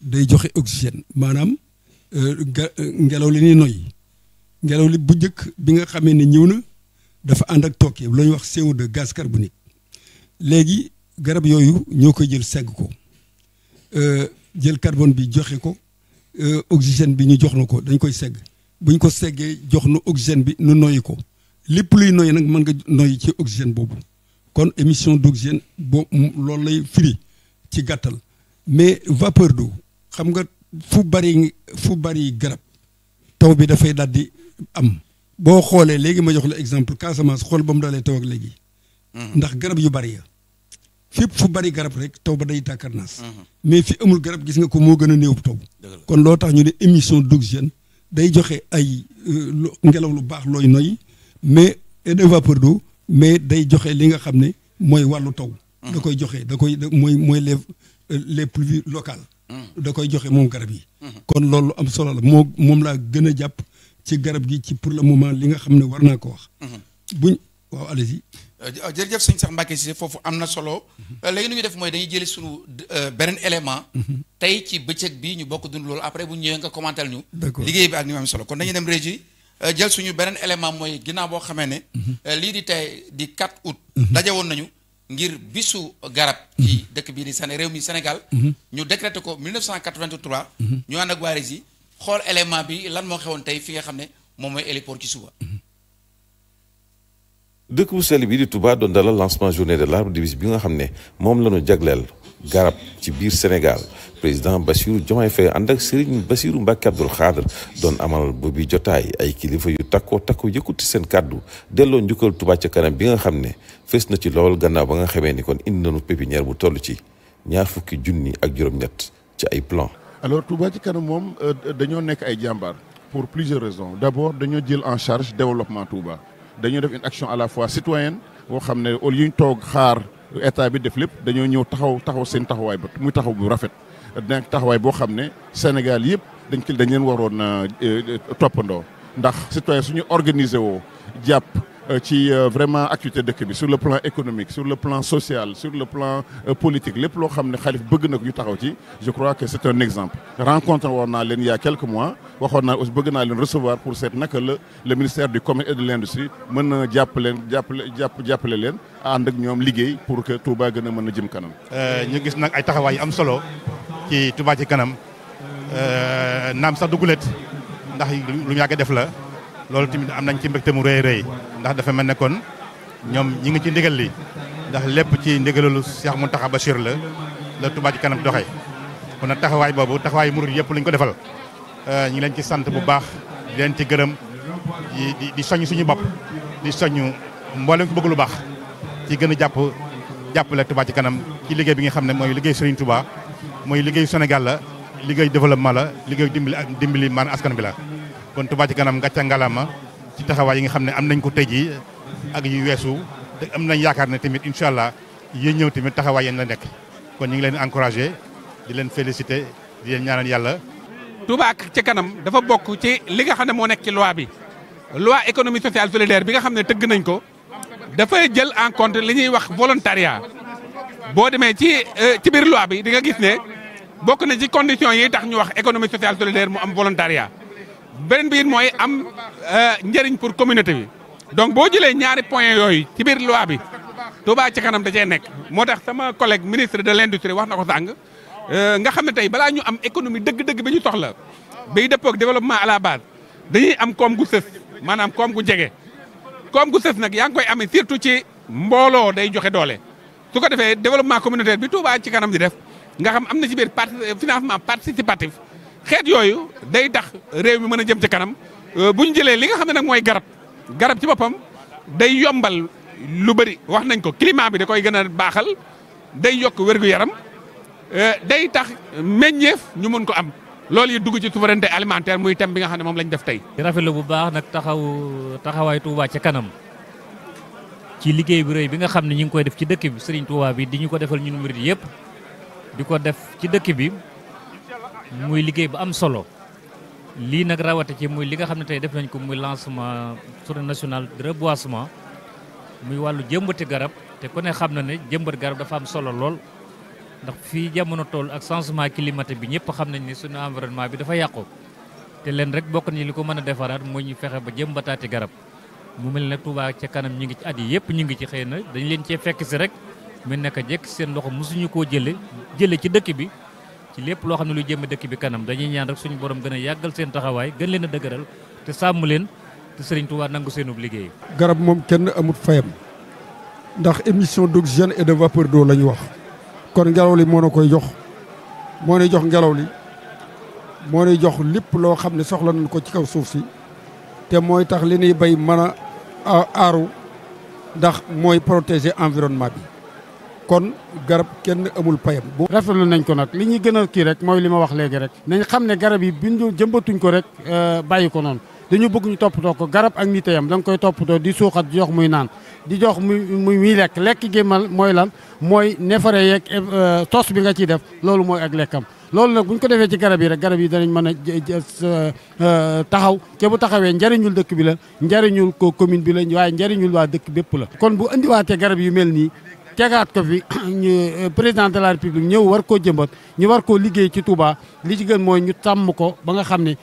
day joxe oxygène maanaam euh, euh, ngelaw li ñuy noyyi ngelaw li bu njëkk bi nga xamee ni ñëw na dafa ànd ak tooke la ñuy wax CO2 gaz carbonique léegi garab yooyu ñoo koy jël segg ko euh, jël carbone bi joxe ko oxygène bi ñu jox na ko dañ koy segg bu ñu ko seggee jox nu oxygène bi nu noyyi ko lépp luy noyyi nag mën nga noyyi ci oxygène boobu kon émission d'oxygène boo loolu lay firi ci gàttal mais vapeur d'eau xam nga fu bari fu bari garab taw bi dafay daal di am boo xoolee léegi ma jox la exemple Casamance xool ba mu dalee taw ak léegi hmm. ndax garab yu bari ya fépp fu bari garab rek taw ba day tàkkarnaas hmm. mais fi amul garab gis nga ko moo gën a néew taw kon loo tax ñu ne émission d'oxygène day joxe ay euh, ngelaw lu baax looy noy mais et de vapeur d'eau mais day joxe li nga xam ne mooy wàllu taw. Mm. da koy joxe da koy mooy mooy les euh, les pluies locales. Mm. da koy joxe moom garab yi. Mm-hmm. kon loolu am solo la moo moom laa gën a jàpp ci garab gi ci pour le moment li nga xam ne war naa ko wax. Mm-hmm. buñ waaw allez-y. Euh, euh, jërëjëf sëñ Cheikh Mbacké Cissé foofu am na solo léegi nu ñu def mooy dañuy jëli suñu beneen élément mm-hmm. tey ci bëccëg bi ñu bokk dund loolu après bu ñu ñëwee nga commental ñu liggéey bi ak ni am solo kon dañuy dem régie Euh, jël suñu beneen élément mooy ginnaaw boo xamee ne. Mhm. Euh, lii di tey di 4 août. Mhm. daje woon nañu ngir bisu garab. Mhm. ci dëkk bii di Séné réew mi Sénégal. ñu décrété ko 1983. ñu ànd ak waaris yi xool élément bi lan moo xewoon tey fi nga xam ne moom mooy héliport ci suba. dëkk bu sell bi di Touba doon dalal lancement journée de l'arbre di bis bi nga xam ne moom la ñu jagleel. garab ci biir Sénégal président Bassirou Diomaye Faye ànd ak Serigne Bassirou Mbacké Abdoul doon amal bu jotaay ay kilifa yu takkoo takkoo yëkkati seen kàddu delloo njukkal Touba ca kanam bi nga xam ne fees na ci lool gannaaw ba nga xamee ni kon indi nañu pépinière bu toll ci ñaar fukki junni ak juróom-ñett ci ay plan alors Touba ci kanam moom euh, dañoo nekk ay jàmbaar pour plusieurs raisons d'abord dañoo jël en charge développement Touba dañoo def une action la fois citoyenne boo xam ne au lieu ñu toog xaar état bi def lépp dañoo ñëw taxaw taxaw seen taxawaay ba muy taxaw bu rafet nekk taxawaay boo xam ne Sénégal yëpp dañ ci dañ leen waroon euh, euh, toppandoo ndax citoyen suñu organiser woo jàpp Euh, ci euh, vraiment activité dëkk bi sur le plan économique sur le plan social sur le plan euh, politique lépp loo xam ne xalif bëgg na ko ñu taxaw ci je crois que c'est un exemple rencontre woon naa leen il y a quelques mois waxoon naa aussi bëgg naa leen recevoir pour seet naka la le ministère du commerce et de l'industrie mën na jàppale jàppale jàpp jàppale leen ànd ak ñoom liggéey pour que Touba gën a mën a jëm kanam ñu gis nag ay taxawaay yu am solo ci Touba ci kanam naam sax dugulet ndax lu ñu def la loolu tamit am nañ ci mbégte mu rëy rëy ndax dafa mel ne kon ñoom ñi ngi ci ndigal li ndax lépp ci ndigalalu Cheikh Mountakha Bachir la la Touba ci kanam doxee kon nag taxawaay boobu taxawaay murid yëpp lañ ko defal euh, ñu ngi leen ci sant bu baax di leen ci gërëm di di soññ suñu bopp di soññ mboolem ko bëgg lu baax ci gën a jàpp jàppale Touba ci kanam ci liggéey bi nga xam ne mooy liggéey Serigne tubaa mooy liggéey Sénégal la liggéey développement la liggéey dimbali dimbali maanaam askan bi la kon Touba ci Kanam ngàcca ngalama ci taxawaay yi nga xam ne am nañ ko tey jii ak yi weesu te am nañ yaakaar ne tamit incha allah yéen ñëw tamit taxawaay yen la nekk kon ñu ngi leen encouragé di leen félicité di leen ñaanal yàlla. tubaak ci Kanam dafa bokk ci li nga xam ne moo nekk ci loi bi loi économie sociale solidaire bi nga xam ne tëgg nañ ko dafay jël en li ñuy wax volontariat boo demee ci euh, ci biir loi bi di nga gis ne bokk na ci conditions yi tax ñu wax économie sociale mu am volontariat. beneen bi mooy am euh, njëriñ pour communauté bi donc boo jëlee ñaari point yooyu ci biir loi bi Touba ci kanam da cee nekk. moo tax sama collègue ministre de l' industrie wax na ko sàng euh, nga xam ne tey balaa ñu am économie dëgg-dëgg bi ñu soxla bay dëppoo ak développement à la base dañuy am koom gu sës maanaam koom gu jege. koom gu sës nag yaa ngi koy amee surtout ci mbooloo day joxe doole su ko defee développement communautaire bi Touba ci kanam di def nga xam am na ci biir part financement xeet yooyu day tax réew mi mën a jëm ci kanam euh, bu ñu jëlee li nga xam ne nag mooy garab garab ci boppam day yombal lu bëri wax nañ ko climat bi da koy gën a baaxal day yokk wér-gu-yaram euh, day tax meññeef ñu mën ko am loolu yi dugg ci souveraineté alimentaire muy thème bi nga xam ne moom lañu def tey. rafetlu bu baax nag taxaw taxawaay Touba ca kanam ci liggéey bu rey bi nga xam ne ñu ngi koy def ci dëkk bi Serigne Touba bi di ñu ko defal ñun murid yëpp di ko def ci dëkk bi. muy liggéey bu am solo lii nag rawate ci muy li nga xam ne tey def nañ ko muy lancement journée nationale de reboisement muy wàllu jëmbati garab te ku ne xam na ne jëmbat garab dafa am solo lool ndax fii jamono toll ak changement climatique bi ñëpp xam nañ ne suñu environnement bi dafa yàqu te leen rek bokk nañu li ko mën a defaraat mooy ñu fexe ba jëmbataati garab mu mel ne Touba ca kanam ñu ngi ci at yi yëpp ñu ngi ci xëy na dañ leen cee fekk si rek mu nekk jekk seen loxo mosuñu koo jële jële ci dëkk bi lépp loo xam ne lu jëm dëkk bi kanam dañuy ñaan rek suñu borom gën a yàggal seen taxawaay gën leen a dëgëral te sàmm leen te Sëriñ Tuubaa nangu seenub liggéey. garab moom kenn amut fayam ndax émission d'oxygène et de vapeur d'eau la ñu wax kon ngelaw li moo na koy jox moo ne jox ngelaw li moo ne jox lépp loo xam ne soxla nañ ko ci kaw suuf si te mooy tax li ñuy bay mën a aaru ndax mooy protéger environnement bi. kon garab kenn amul payam. rafetlu nañ ko nag li ñuy gën a kii rek mooy li ma wax léegi rek. nañ xam ne garab yi bu ñu jëmbatuñ ko rek euh, bàyyi ko noonu dañu bëgg ñu toppatoo ko garab ak niteyam da nga koy toppatoo di suuxat di jox muy naan di jox muy muy lekk lekk gémmal mooy lan mooy neefare yeeg euh, tos bi nga ciy def loolu mooy ak lekkam. loolu nag bu ñu ko defee ci garab yi rek garab yi danañ mën a euh, taxaw te bu taxawee njariñul dëkk bi la njariñul ko commune bi la waaye njariñul waa dëkk bépp la. kon bu indiwaatee garab yu mel nii tegaat ko fi <clears throat> ñu euh, président de la république ñëw war koo jëmbat ñu war koo liggéey ci Touba li ci gën mooy ñu tàmm ko ba nga xam ni ne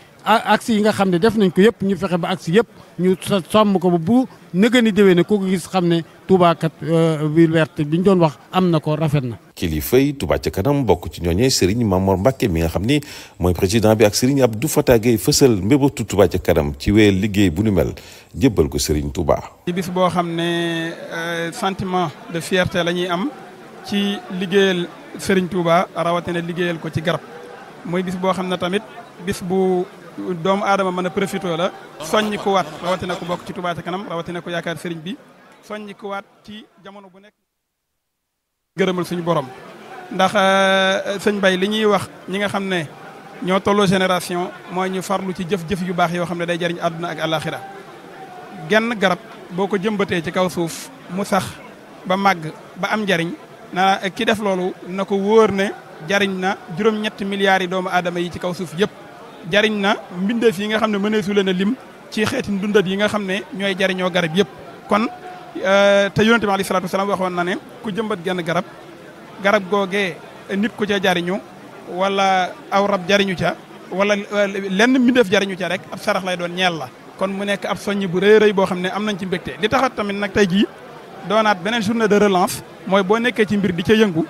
axe yi nga xam ne def nañ ko yëpp ñu fexe ba axe yëpp ñu sàmm ko ba bu nëgëni déwé ne ku ko gis xam ne Touba wii euh, ville bi ñu doon wax am na ko rafet na. kilifay Touba ca kanam bokk ci ñooñee Serigne Mamor Mbacke mi nga xam ni mooy président bi ak Serigne Abdou Fatah Gueye fësal mbébatu Touba ca kanam ci wéyal liggéey bu nu mel jébbal ko Serigne Touba. ci bis boo xam ne euh, sentiment de fierté la ñuy am ci liggéeyal Serigne Touba rawatina liggéeyal ko ci garab mooy bis boo xam ne tamit bis bu. doomu aadama mën a profité la soññ ko waat rawatina ko bokk ci Touba ca kanam rawatina ko yaakaar sëriñ bi soññikuwaat ci jamono bu nekk gërëmal suñu borom ndax euh, euh, sëñ bay li ñuy wax ñi nga xam ne ñoo tolloo génération mooy ñu farlu ci jëf-jëf yu baax yoo xam ne day jariñ àdduna ak àllaaxira genn garab boo ko jëmbatee ci kaw suuf mu sax ba màgg ba am njariñ na euh, ki def loolu na ko wóor ne jariñ na juróom-ñetti milliards yi doomu aadama yi ci kaw suuf yëpp jariñ na mbindeef yi nga xam ne mëneesu leen a lim ci xeeti ndundat yi nga xam ne ñooy jariñoo garab yëpp kon Euh, te yonente bi alayhi salaatu wasalaam waxoon na ne ku jëmbat genn garab garab googee nit ku ca jariñu wala aw rab jariñu ca wala euh, lenn mbindeef jariñu ca rek ab sarax lay doon ñeel la kon mu nekk ab soññi bu rëy rëy boo xam ne am nañ ci mbégte li taxat tamit nag tey jii doonaat beneen journée de relance mooy boo nekkee ci mbir di ca yëngu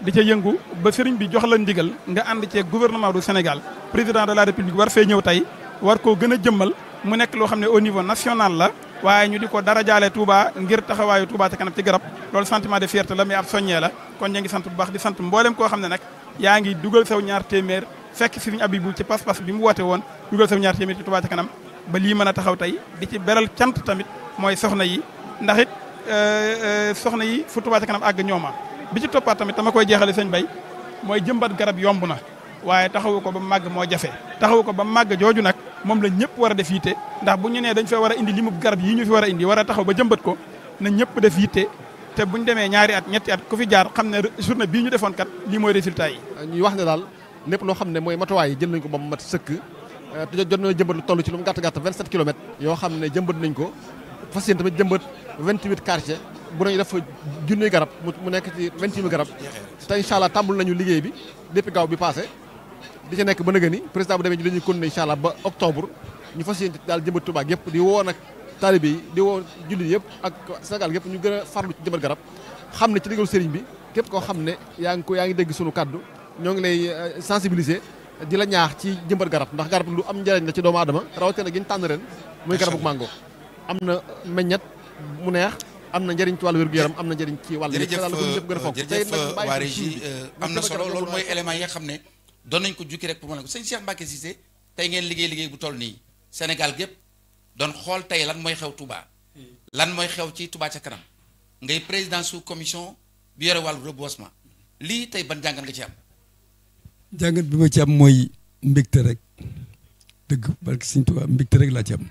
di ca yëngu ba sëriñ bi jox la ndigal nga ànd cee gouvernement du Sénégal président de la république war fee ñëw tey war koo gën a jëmmal mu nekk loo xam ne au niveau national la waaye ñu di ko dara jaale Touba ngir taxawaayu Touba ca kanam ci garab loolu sentiment de fierté la mais ab soññee la kon ñu ngi sant bu baax di sant mboolem koo xam ne nag yaa ngi dugal saw ñaar téeméer fekk Serigne Abibou ci pas-pas bi mu woote woon dugal saw ñaar téeméer ci Touba ca kanam ba lii mën a taxaw tey di ci beral cant tamit mooy soxna yi ndax it euh, euh, soxna yi fu Touba ca kanam àgg ñooma bi ci toppaat tamit dama koy jeexale sëñ bay mooy jëmbat garab yomb na waaye taxawu ko ba màgg moo jafe taxawu ko ba màgg jooju nag moom la ñëpp war a def yitte ndax bu ñu nee dañ fee war a indi limub garab yi ñu fi war a indi war a taxaw ba jëmbat ko na ñëpp def yitte te ñu demee ñaari at ñetti at ku fi jaar xam ne journée bii ñu defoon kat lii mooy résultat yi ñuy wax ne daal lépp loo xam ne mooy matuwaay yi jël nañ ko ba mu mat sëkk te jot lu toll ci lu mu gàtt gàtt 27 kilomètres yoo xam ne jëmbat nañ ko fas yéen tamit jëmbat 28 quartier bu def junniy garab mu nekk ci 28 garab te incha allah tàmbul nañu liggéey bi depuis gaaw bi passé di ci nekk ba nëgë ni président bu demee ji la ñuy continuer incha allah ba octobre ñu fas yéene daal jëmbat Touba yëpp di woo nag taalibe yi di woo jullit yëpp ak Sénégal yëpp ñu gën a farlu ci jëmbat garab xam ne ci digal sëriñ bi képp koo xam ne yaa ngi ko yaa ngi dégg sunu kàddu ñoo ngi lay euh, sensibilisé di la ñaax ci jëmbat garab ndax garab lu am njëriñ la ci doomu aadama rawatina gi ñu tànn ren muy garabu mango am na meññat mu neex am na njëriñ ci wàllu wér gu am na njëriñ ci wàllu jërëjëf euh, jërëjëf waa régie euh, am na solo loolu mooy yi nga xam ne doon nañ ko jukki rek pour mën a ko sëñ Cheikh Mbacke Cissé tey ngeen liggéey liggéey bu toll nii Sénégal gépp doon xool tey lan mooy xew Touba. lan mooy xew ci tubaa ca kanam ngay président sous commission bi yore wàllu reboisement lii tey ban jàngat nga ci am. jàngat bi ma ci am mooy mbégte rek dëgg barke sëñ Touba mbégte rek laa ci am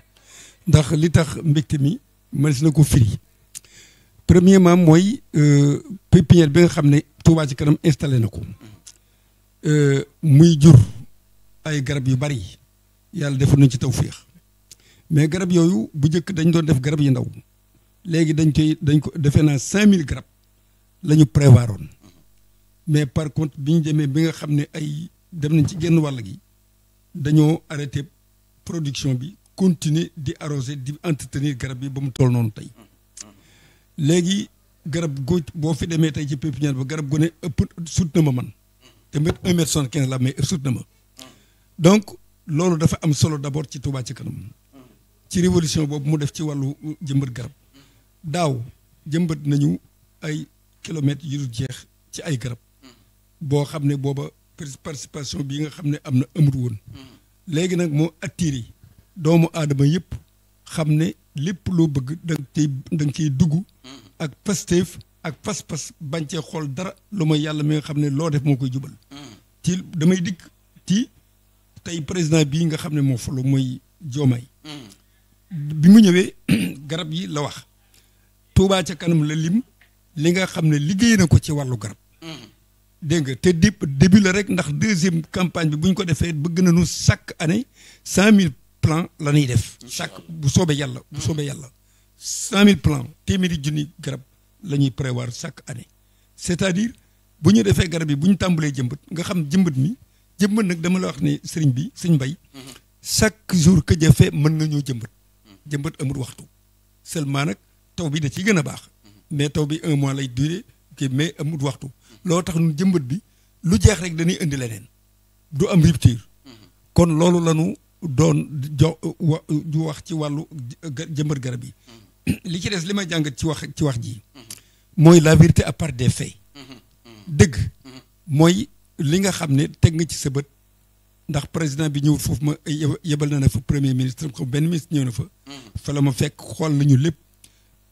ndax li tax mbégte mi mën si na ko firi. premièrement mooy euh, pépinière bi nga xam ne Touba ci kanam installé na ko. Euh, muy jur ay garab yu bari yàlla defal nañ ci tawféex mais garab yooyu bu njëkk dañ doon def garab yu ndaw léegi dañ koy dañ ko defee naa cinq mille garab la ñu prévoir oon mais par contre bi ñu demee bi nga xam ne ay dem nañ ci genn wàll gi dañoo arrêté production bi continuer di arroser di entretenir garab yi ba mu toll noonu tey léegi garab gu boo fi demee tey ci pépinière ba garab gu ne ëpp sut na ma man te mét un mètre soixante quinze la mais na ma donc loolu dafa am solo d'abord ci Touba ci kanam ci révolution boobu mu def ci wàllu jëmbat garab daaw jëmbat nañu ay kilomètres yu dul jeex ci ay garab boo xam ne booba participation bi nga xam ne am na amut woon léegi nag moo attiré doomu aadama yëpp xam ne lépp loo bëgg da nga ciy da ciy dugg ak Pastef ak pas-pas bañ cee xool dara lu may yàlla mi nga xam ne loo def moo koy jubal. ci damay dikk ci tey président bii nga xam ne moo folo mooy Diomaye. bi mu ñëwee <clears throat> garab yi la wax. Touba ca kanam la lim li nga xam ne liggéey na ko ci wàllu garab. dégg nga te di début la rek ndax deuxième campagne bi bu ñu ko defee bëgg na nu chaque année cent mille plan la ñuy def. chaque bu soobee yàlla bu soobee yàlla. cent mille plans téeméeri junni garab. la ñuy prévoir chaque année c'est-à-dire bu ñu defee garab yi bu ñu tàmbalee jëmbat nga xam jëmbat mi jëmbat nag dama la wax ni sëriñ bi sëriñ bay chaque jour que jafe mën nga ñoo jëmbat jëmbat amul waxtu seulement nag taw bi da ciy gën a baax mais taw bi un mois lay duré kii mais amul waxtu loo tax ñun jëmbat bi lu jeex rek dañuy indi leneen du am rupture kon loolu la ñu doon jo wax ci wàllu jëmbët garab yi li ci des li may jàngat ci wax ci wax ji mooy la vérité à part des faits dëgg mooy li nga xam ne teg nga ci sa bët ndax président bi ñëw foofu ma yebal na na fa premier ministre xam benn ministre ñëw na fa fala ma fekk xool nañu lépp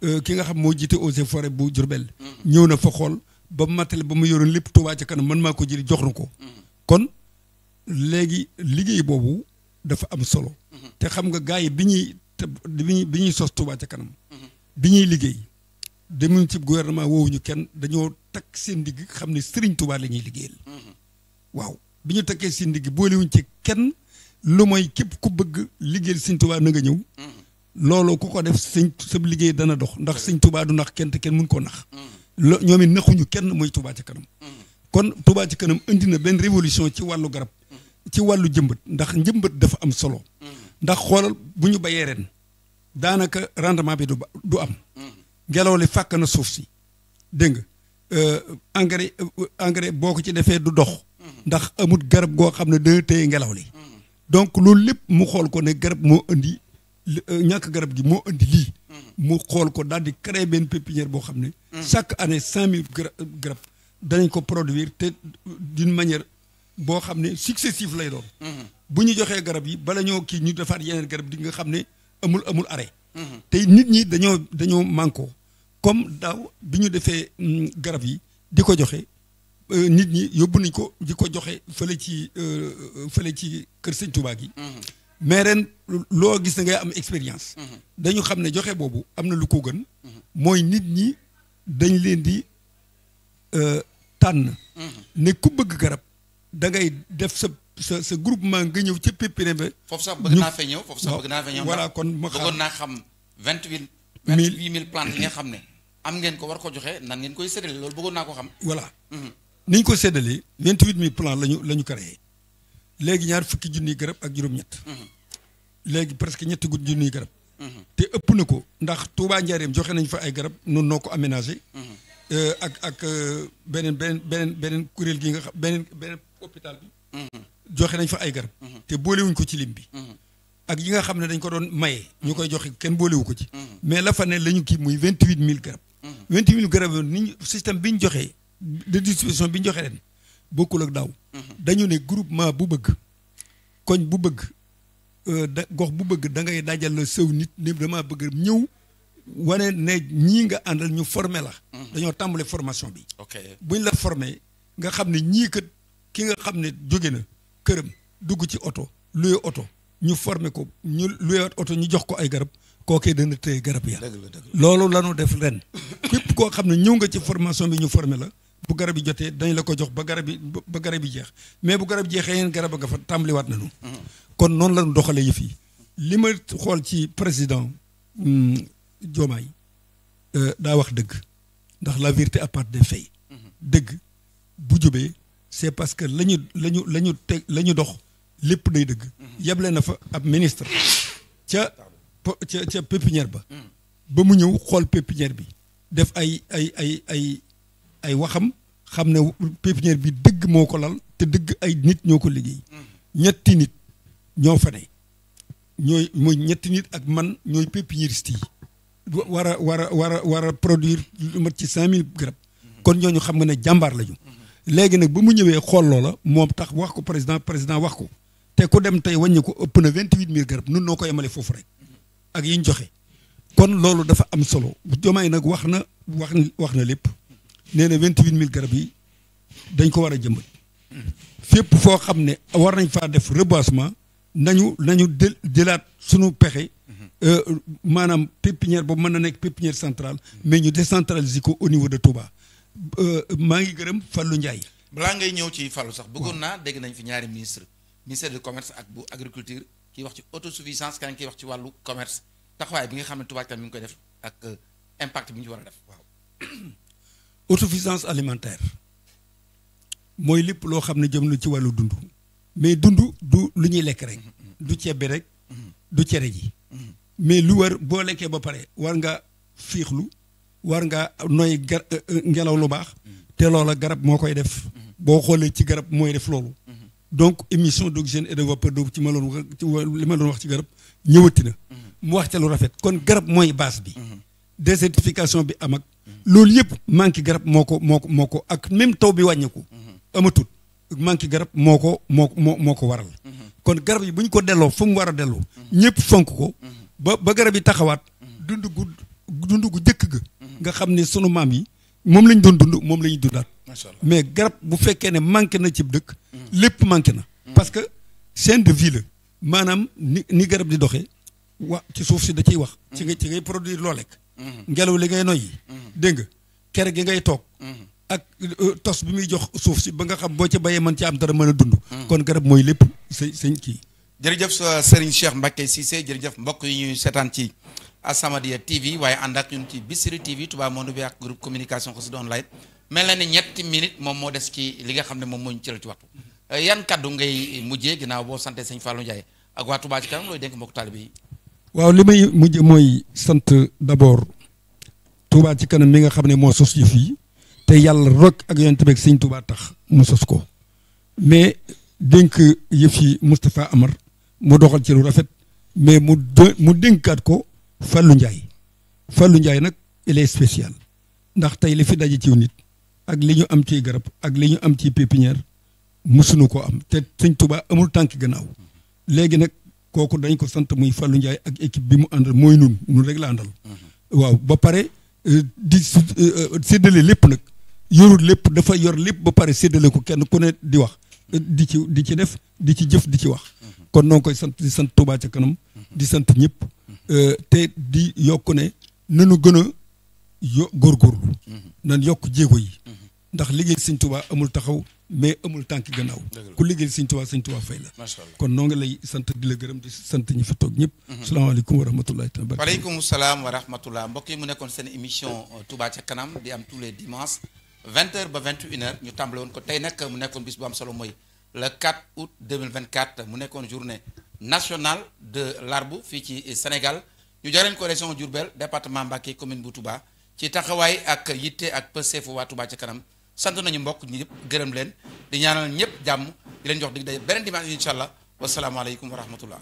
euh, ki nga xam moo jiite eaux et forêts bu Diourbel ñëw na fa xool ba matale ba mu yoroon lépp Touba ca kanam man maa ko jëli jox na ko kon léegi liggéey boobu dafa am solo te xam nga gars yi bi ñuy bi ñuy bi ñuy ca kanam bi ñuy liggéey demuñ ci gouvernement woowuñu kenn dañoo takk seen digg xam ne Serigne Touba la ñuy liggéeyal. waaw bi ñu takkee seen digg boolewuñ ci kenn lu mooy képp ku bëgg liggéeyal Serigne Touba na nga ñëw. looloo ko ko def sëñ sab liggéey dana dox ndax sëñ Touba du nax kenn te kenn mun koo nax. Mm-hmm. lo ñoom it naxuñu kenn mooy Touba ci kanam. Mm-hmm. kon Touba ci kanam indi na benn révolution ci wàllu garab. ci wàllu jëmbat ndax njëmbat dafa am solo. Mm-hmm. ndax xoolal bu ñu bayee ren. daanaka rendement bi du du am. ngelaw li fàkk na suuf si. dégg nga euh, engrais euh, engrais boo ko ci defee du dox. ndax amut garab goo xam ne dana téye ngelaw li. donc loolu lépp mu xool ko ne garab moo indi euh, ñàkk garab gi moo indi lii. mu xool ko daal di créer benn pépinière boo xam ne. chaque année cent mille garab danañ ko produire te d'une manière boo xam ne successive lay doon. Mm-hmm. bu ñu joxee garab yi bala ñoo kii ñu defaat yeneen garab di nga xam ne. amul amul arrêt. tey nit ñi dañoo dañoo manko comme daaw bi ñu defee mm, garab yi di ko joxe euh, nit ñi yóbbu nañ ko di ko joxe fële ci euh, fële ci kër sëñ Touba gi. mais ren loo gis na ngay am expérience. dañu xam ne joxe boobu am na lu ko gën. mooy nit ñi dañ leen di euh, tànn. ne ku bëgg garab da ngay def sa. sa sa groupement nga ñëw ci pépinière ba. foofu sax bëgg naa fay ñëw foofu sax bëgg naa fay ñëw. voilà kon ma xam naa xam vingt huit. mille vingt huit yi nga xam ne. am ngeen ko war ko joxe nan ngeen koy séddale loolu bëggoon naa ko xam. voilà mhm. ni ñu ko séddalee. vingt huit mille plantes la ñu la ñu créé léegi ñaar fukki junniy garab ak juróom-ñett. Mhm. léegi presque ñetti guddi junniy garab. Mhm. te ëpp na ko ndax Touba Njaareem joxe nañ fa ay garab noonu noo ko aménagé. Euh, ak ak euh, beneen beneen beneen beneen kuréel gi nga xam beneen beneen hôpital joxe nañ fa ay garab. Mhm. te boolewuñ ko ci lim bi. Mhm. ak yi nga xam ne dañ ko doon maye. ñu koy joxe kenn boolewu ko ci. Mhm. mais la fa ne la ñu kii muy vingt huit mille garab. vingt huit mille garab yoon ni système bi ñu joxe de distribution bi ñu joxe leen bokkul ak daw dañu ne groupement bu bëgg koñ bu bëgg. Euh, da gox bu bëgg da ngay dajal la sëw nit ni dama bëgg ñëw wane ne ñii nga àndal ñu formé la. dañoo tàmbale formation bi. buñ la formé nga xam ne ñii kat ki nga xam ne jóge na. këram dugg ci oto luye oto ñu former ko ñu luye oto ñu jox ko ay garab kookee dana téye garab ya loolu la ñu def ren képp koo xam ne ñëw nga ci formation bi ñu former la bu garab yi jotee dañ la ko jox ba garab yi ba garab yi jeex mais bu garab jeexee yeen garab nga fa tàmbaliwaat nañu kon noonu la ñu doxalee yëf yi li ma xool ci président hmm, Diomaye euh, daa wax dëgg ndax la vérité à part des faits mhm. dëgg bu jubee c'est parce que lañu ñu la ñu la ñu teg la ñu dox lépp day dëgg mhm. yeble na fa ab ministre ca ca ca pépinière ba mhm. ba mu ñëw xool pépinière bi def ay ay ay ay ay waxam xam ne pépinière bi dëgg moo ko lal te dëgg ay nit ñoo ko liggéey mhm. ñetti nit ñoo fa ne ñooy mooy ñetti nit ak man ñooy pépiniériste yi war a war a war a war a produire lu mat ci cinq mille garab kon ñooñu xam nga ne jàmbaar lañu léegi nag ba mu ñëwee xool la moom tax wax ko président président wax ko te ko dem tey wàññi ko ëpp na vingt huit mille garab nun noo ko foofu rek ak yi ñu joxe kon loolu dafa am solo Diomaye nag wax na wax wax na lépp nee na vingt huit mille garab yi dañ ko war a jëmbat fépp foo xam ne war nañ faa def reboisement nañu nañu jël jëlaat suñu pexe euh, maanaam pépinière boobu mën na nekk pépinière centrale mais ñu décentraliser ko au niveau de Touba Euh, maa ngi gërëm Fallou Ndiaye. balaa ngay ñëw ci Fallou sax. bëggoon naa dégg nañ fi ñaari ministre ministère de commerce ak bu agriculture kii wax ci autosuffisance ngi kii wax ci wàllu commerce taxawaay bi nga xam ne Touba Caméra mi ngi koy def ak euh, impact bi ñu ci war a def waaw. <clears throat> autosuffisance alimentaire mooy lépp loo xam ne jëm ci wàllu dund. mais dund du lu ñuy lekk rek. du ceeb bi rek. Mm-hmm. du cere ji. Mm-hmm. mais lu war boo lekkee ba pare war nga fiixlu war nga noy gar euh, euh, ngelaw lu baax te loola garab moo koy def boo xoolee ci garab mooy def loolu donc émission d'oxygène et de vapeur d'eau ci ma doon li ma doon wax ci garab ñëwati na mu wax ca lu rafet kon garab mooy base bi désertification bi am ak loolu yëpp manque garab moo ko moo ko moo ko ak même taw bi wàññeeku amatut manque garab moo ko moo moo moo ko waral kon garab yi bu ñu ko delloo fu mu war a delloo ñëpp fonk ko ba ba garab yi taxawaat dund gu dund gu jëkk ga nga xam ni sunu maam yi moom lañ doon dund moom la ñuy dundaat mais garab bu fekkee ne manqué na ci dëkk lépp manqué na parce que chaîne de la maanaam ni ni garab di doxee wa ci suuf si da ciy wax ci nga ci ngay produire loo lekk ngelaw li ngay noyyi dégg nga kere gi ngay toog ak euh, tos bi muy jox suuf si ba nga xam boo ci bayee mën ci am dara mën a dund kon garab mooy lépp sëñ sëñ kii jërëjëf Serigne Cheikh Mbacké Cissé jërëjëf mbokk yi ñuy seetaan ci As-Samadiyya TV waaye ànd ak ñun ci Bichri TV Touba Monde bi ak groupe communication Xassida online mel na ni ñetti minute moom moo des ci li nga xam ne moom moo ñu cëral ci waxtu euh, yan kaddu ngay mujjee ginnaaw boo sante sëñ Fallou jaay ak waa Touba ci kanam looy dénk mbokk taalibe waaw li may mujj mooy sant d'abord Touba ci kanam mi nga xam ne moo sos yëf yi te yàlla rek ak yonent bi ak sëñ Touba tax mu sos ko mais dénk yëf yi Moustapha Amar mu doxal ci lu rafet mais mu mu dénkaat ko Fallou Ndiaye Fallou njaay nag il est ndax tey li fi daje ciw nit ak li ñu am ci garab ak li ñu am ci pépinière mësuñu ko am te sëñ Touba amul tànk gannaaw léegi nag kooku dañ ko sant muy Fallou njaay ak équipe bi mu àndal mooy nun nun rek la àndal mm-hmm. waaw ba pare euh, di euh, euh, séddale lépp nag yorul lépp dafa yor lépp ba pare séddalee ko kenn ku ne di wax di ci di ci def di ci jëf di ci wax mm-hmm. kon noo koy sant di sant Touba ca kanam mm-hmm. di sant ñëpp Euh, te di yokk ne nanu gën a yo góorgóorlu mm-hmm. nan yokk jéego yi mm-hmm. ndax liggéey sëñ Tuubaa amul taxaw mais amul tànk gannaaw ku liggéey sañ Tuubaa sëñ Tuubaa fay la kon noo lay sant di la gërëm di sant ñi fi toog ñëpp mm-hmm. salaamaaleykum wa rahmatullahi taala waaleykum salaam wa rahmatullah mbokk yi mu nekkoon seen émission euh, Touba ca kanam di am tous les dimanches vingt ba vingt une ñu tàmbale woon ko tey nag mu nekkoon bis bu am solo mooy le 4 août 2024 mu nekkoon journée national de l'arbre fii ci Sénégal ñu jareen ko région Diourbel département Mbacké commune bu Touba ci taxawaay ak yitte ak pëseefu waa Touba ci kanam sant nañu mbokk ñi yëpp gërëm leen di ñaanal ñëpp jàmm di leen jox dig day beneen dimanche incha allah wasalaamaaleykum wa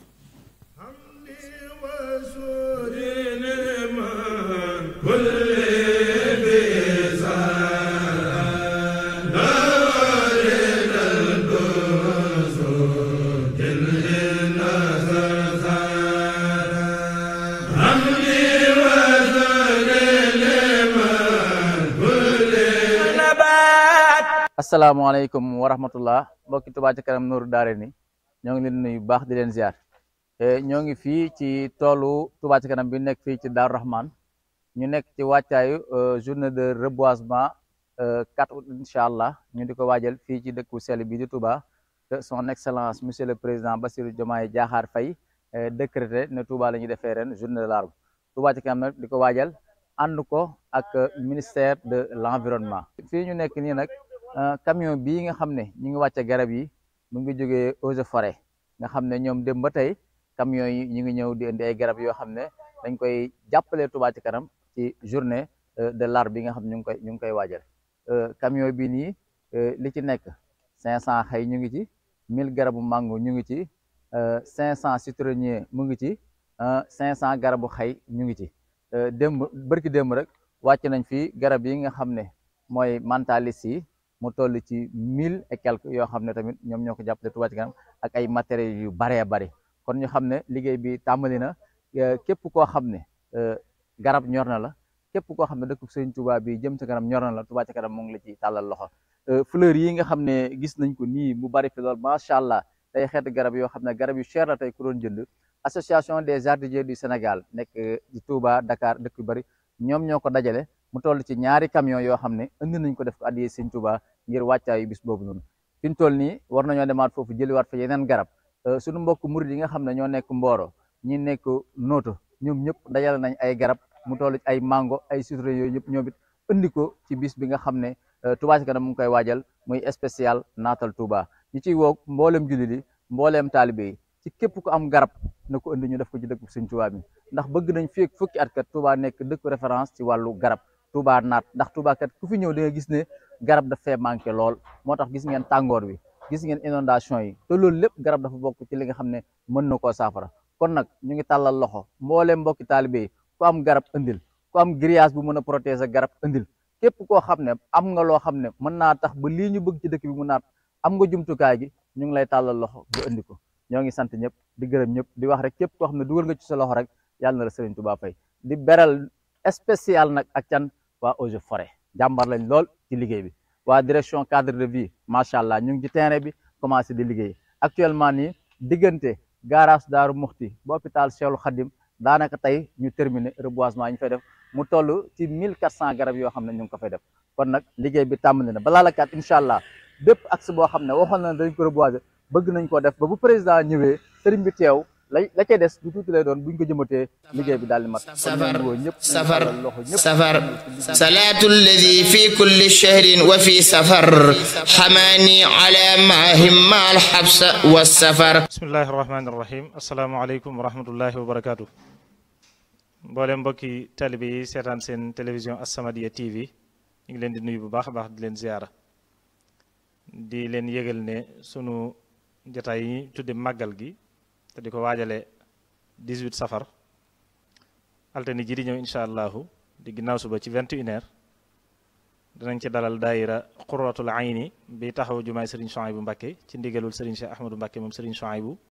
asalaamaaleykum wa rahmatullah mbokki Touba ca kanam Nourou Darayni ñoo ngi leen nuyu baax di leen ziar eh, ñoo ngi fii ci toolu Touba kanam bi nekk fii ci Darou Rahman ñu nekk ci wàccaayu eh, journée de reboisement 4 eh, août incha allah ñu di ko waajal fii ci dëkku sell bi di Touba te son excellence monsieur le président Bassirou Diomaye Diakhar fay décrété ne Touba la ñuy defee ren journée de l'arbre Touba kanam nag di ko waajal ànd ko ak ministère de l'environnement fii ñu nekk nii nag. Euh, camion bii nga xam ne ñu ngi wàcce garab yi mu ngi jógee eaux et nga xam ne ñoom dem ba tey camion yi ñu ngi ñëw di ay garab yoo xam ne dañ koy jàppale Touba ci kanam ci journée euh, de l'arbre bi nga xam ñu ngi koy ñu ngi koy waajal euh, camion bii nii li ci nekk cinq cent xëy ñu ngi ci mille garabu mango ñu ngi ci cinq cent citronnier mu ngi ci cinq cent garabu xay ñu ngi ci démb bërki démb rek wàcc nañ fi garab yi nga xam ne mooy mantalis yi mu toll ci mille et quelques yoo xam ne tamit ñoom ñoo ko jàppale Touba kanam ak ay matériels yu baree bari kon ñu xam ne liggéey bi tàmbali na euh, képp koo xam ne euh, garab ñor na la képp koo xam ne dëkk Sëriñ tubaa bi jëm ci kanam ñor na la Touba ci kanam moo ngi la ci tàllal loxo euh, fleur yi nga xam ne gis nañ ko nii mu bari fi lool allah tey xeet garab yoo xam ne garab yu cher la ku doon jënd association des jardiniers du Sénégal nekk ci Touba Dakar dëkk yu bari ñoom ñoo ko dajale mu toll ci ñaari camion yoo xam ne indi nañ ko def ko addiyee Sëñ tubaa ngir wàccaayu bis boobu noonu fi ñu toll nii war nañoo demaat foofu jëliwaat fa yeneen garab euh, suñu mbokk murid yi nga xam ne ñoo nekk Mboro ñi nekk Noto ñoom ñëpp dajale nañ ay garab mu toll ci ay mango ay citron yooyu yëpp ñoom indi ko ci bis bi nga xam ne euh, Touba Ca Kanam mu ngi koy waajal muy spécial naatal tubaa ñu ciy woo mboolem jullit yi mboolem taalibe yi ci képp ku am garab na ko indi ñu def ko ci dëkk Sëñ Tuubaa bi ndax bëgg nañ fii fukki at kat Touba nekk dëkk référence ci wàllu garab Touba naat ndax Touba kat ku fi ñëw da gis ne garab daf fee lool moo tax gis ngeen tàngoor wi gis ngeen inondation yi te loolu lépp garab dafa bokk ci li nga xam ne mën na koo saafara kon nag ñu ngi tàllal loxo mboolee mbokki taalibe yi ku am garab indil ko am grillage bu mën a protéger garab indil képp koo xam ne am nga loo xam ne mën naa tax ba lii ñu bëgg ci dëkk bi mu naat am nga jumtukaay gi ñu ngi lay tàllal loxo nga indi ko ñoo ngi sant ñëpp di gërëm ñëpp di wax rek képp koo xam ne dugal nga ci sa loxo rek yàlla na la Sëriñ Tuubaa waa eaux et forêt jàmbar lañ lool ci liggéey bi waa direction cadre de vie macha allah ñu ngi ci terrain bi commencé di liggéey actuellement ni diggante garage Daaru Muxti ba hôpital Cheikhul Khadim daanaka tey ñu terminé reboisement yi ñu fay def mu toll ci mille quatre cent garab yoo xam ne ñu ngi ko fay def kon nag liggéey bi tàmbali na balaa la kat incha allah bépp axe boo xam ne waxoon na dañ ko reboiser bëgg nañ ko def ba bu président ñëwee sëriñ bi teew lay la cay des du tuuti lay doon buñ ko jëmatee liggéey bi daal di safar safar safar salaatu fi kulli shahrin wa fi safar xamaani ala maahim ma alxabsa wa safar bismillahi rahmaani rahim asalaamaaleykum wa rahmatullahi wa barakaatu mboolem mbokki talibe yi seetaan seen télévision As-Samadiyya TV ñu ngi leen di nuyu bu baax a baax di leen ziyaara di leen yëgal ne sunu jataay yi tudde gi te di ko waajale 18 safar altani ji di ñëw incha allahu di ginnaaw suba ci 21 heures dinañ ci dalal daayira qurratul ayni bi taxaw jumaay Serigne Souhaïbou mbakke ci ndigalul Serigne Cheikh Ahmadou Mbacké moom Serigne Souhaïbou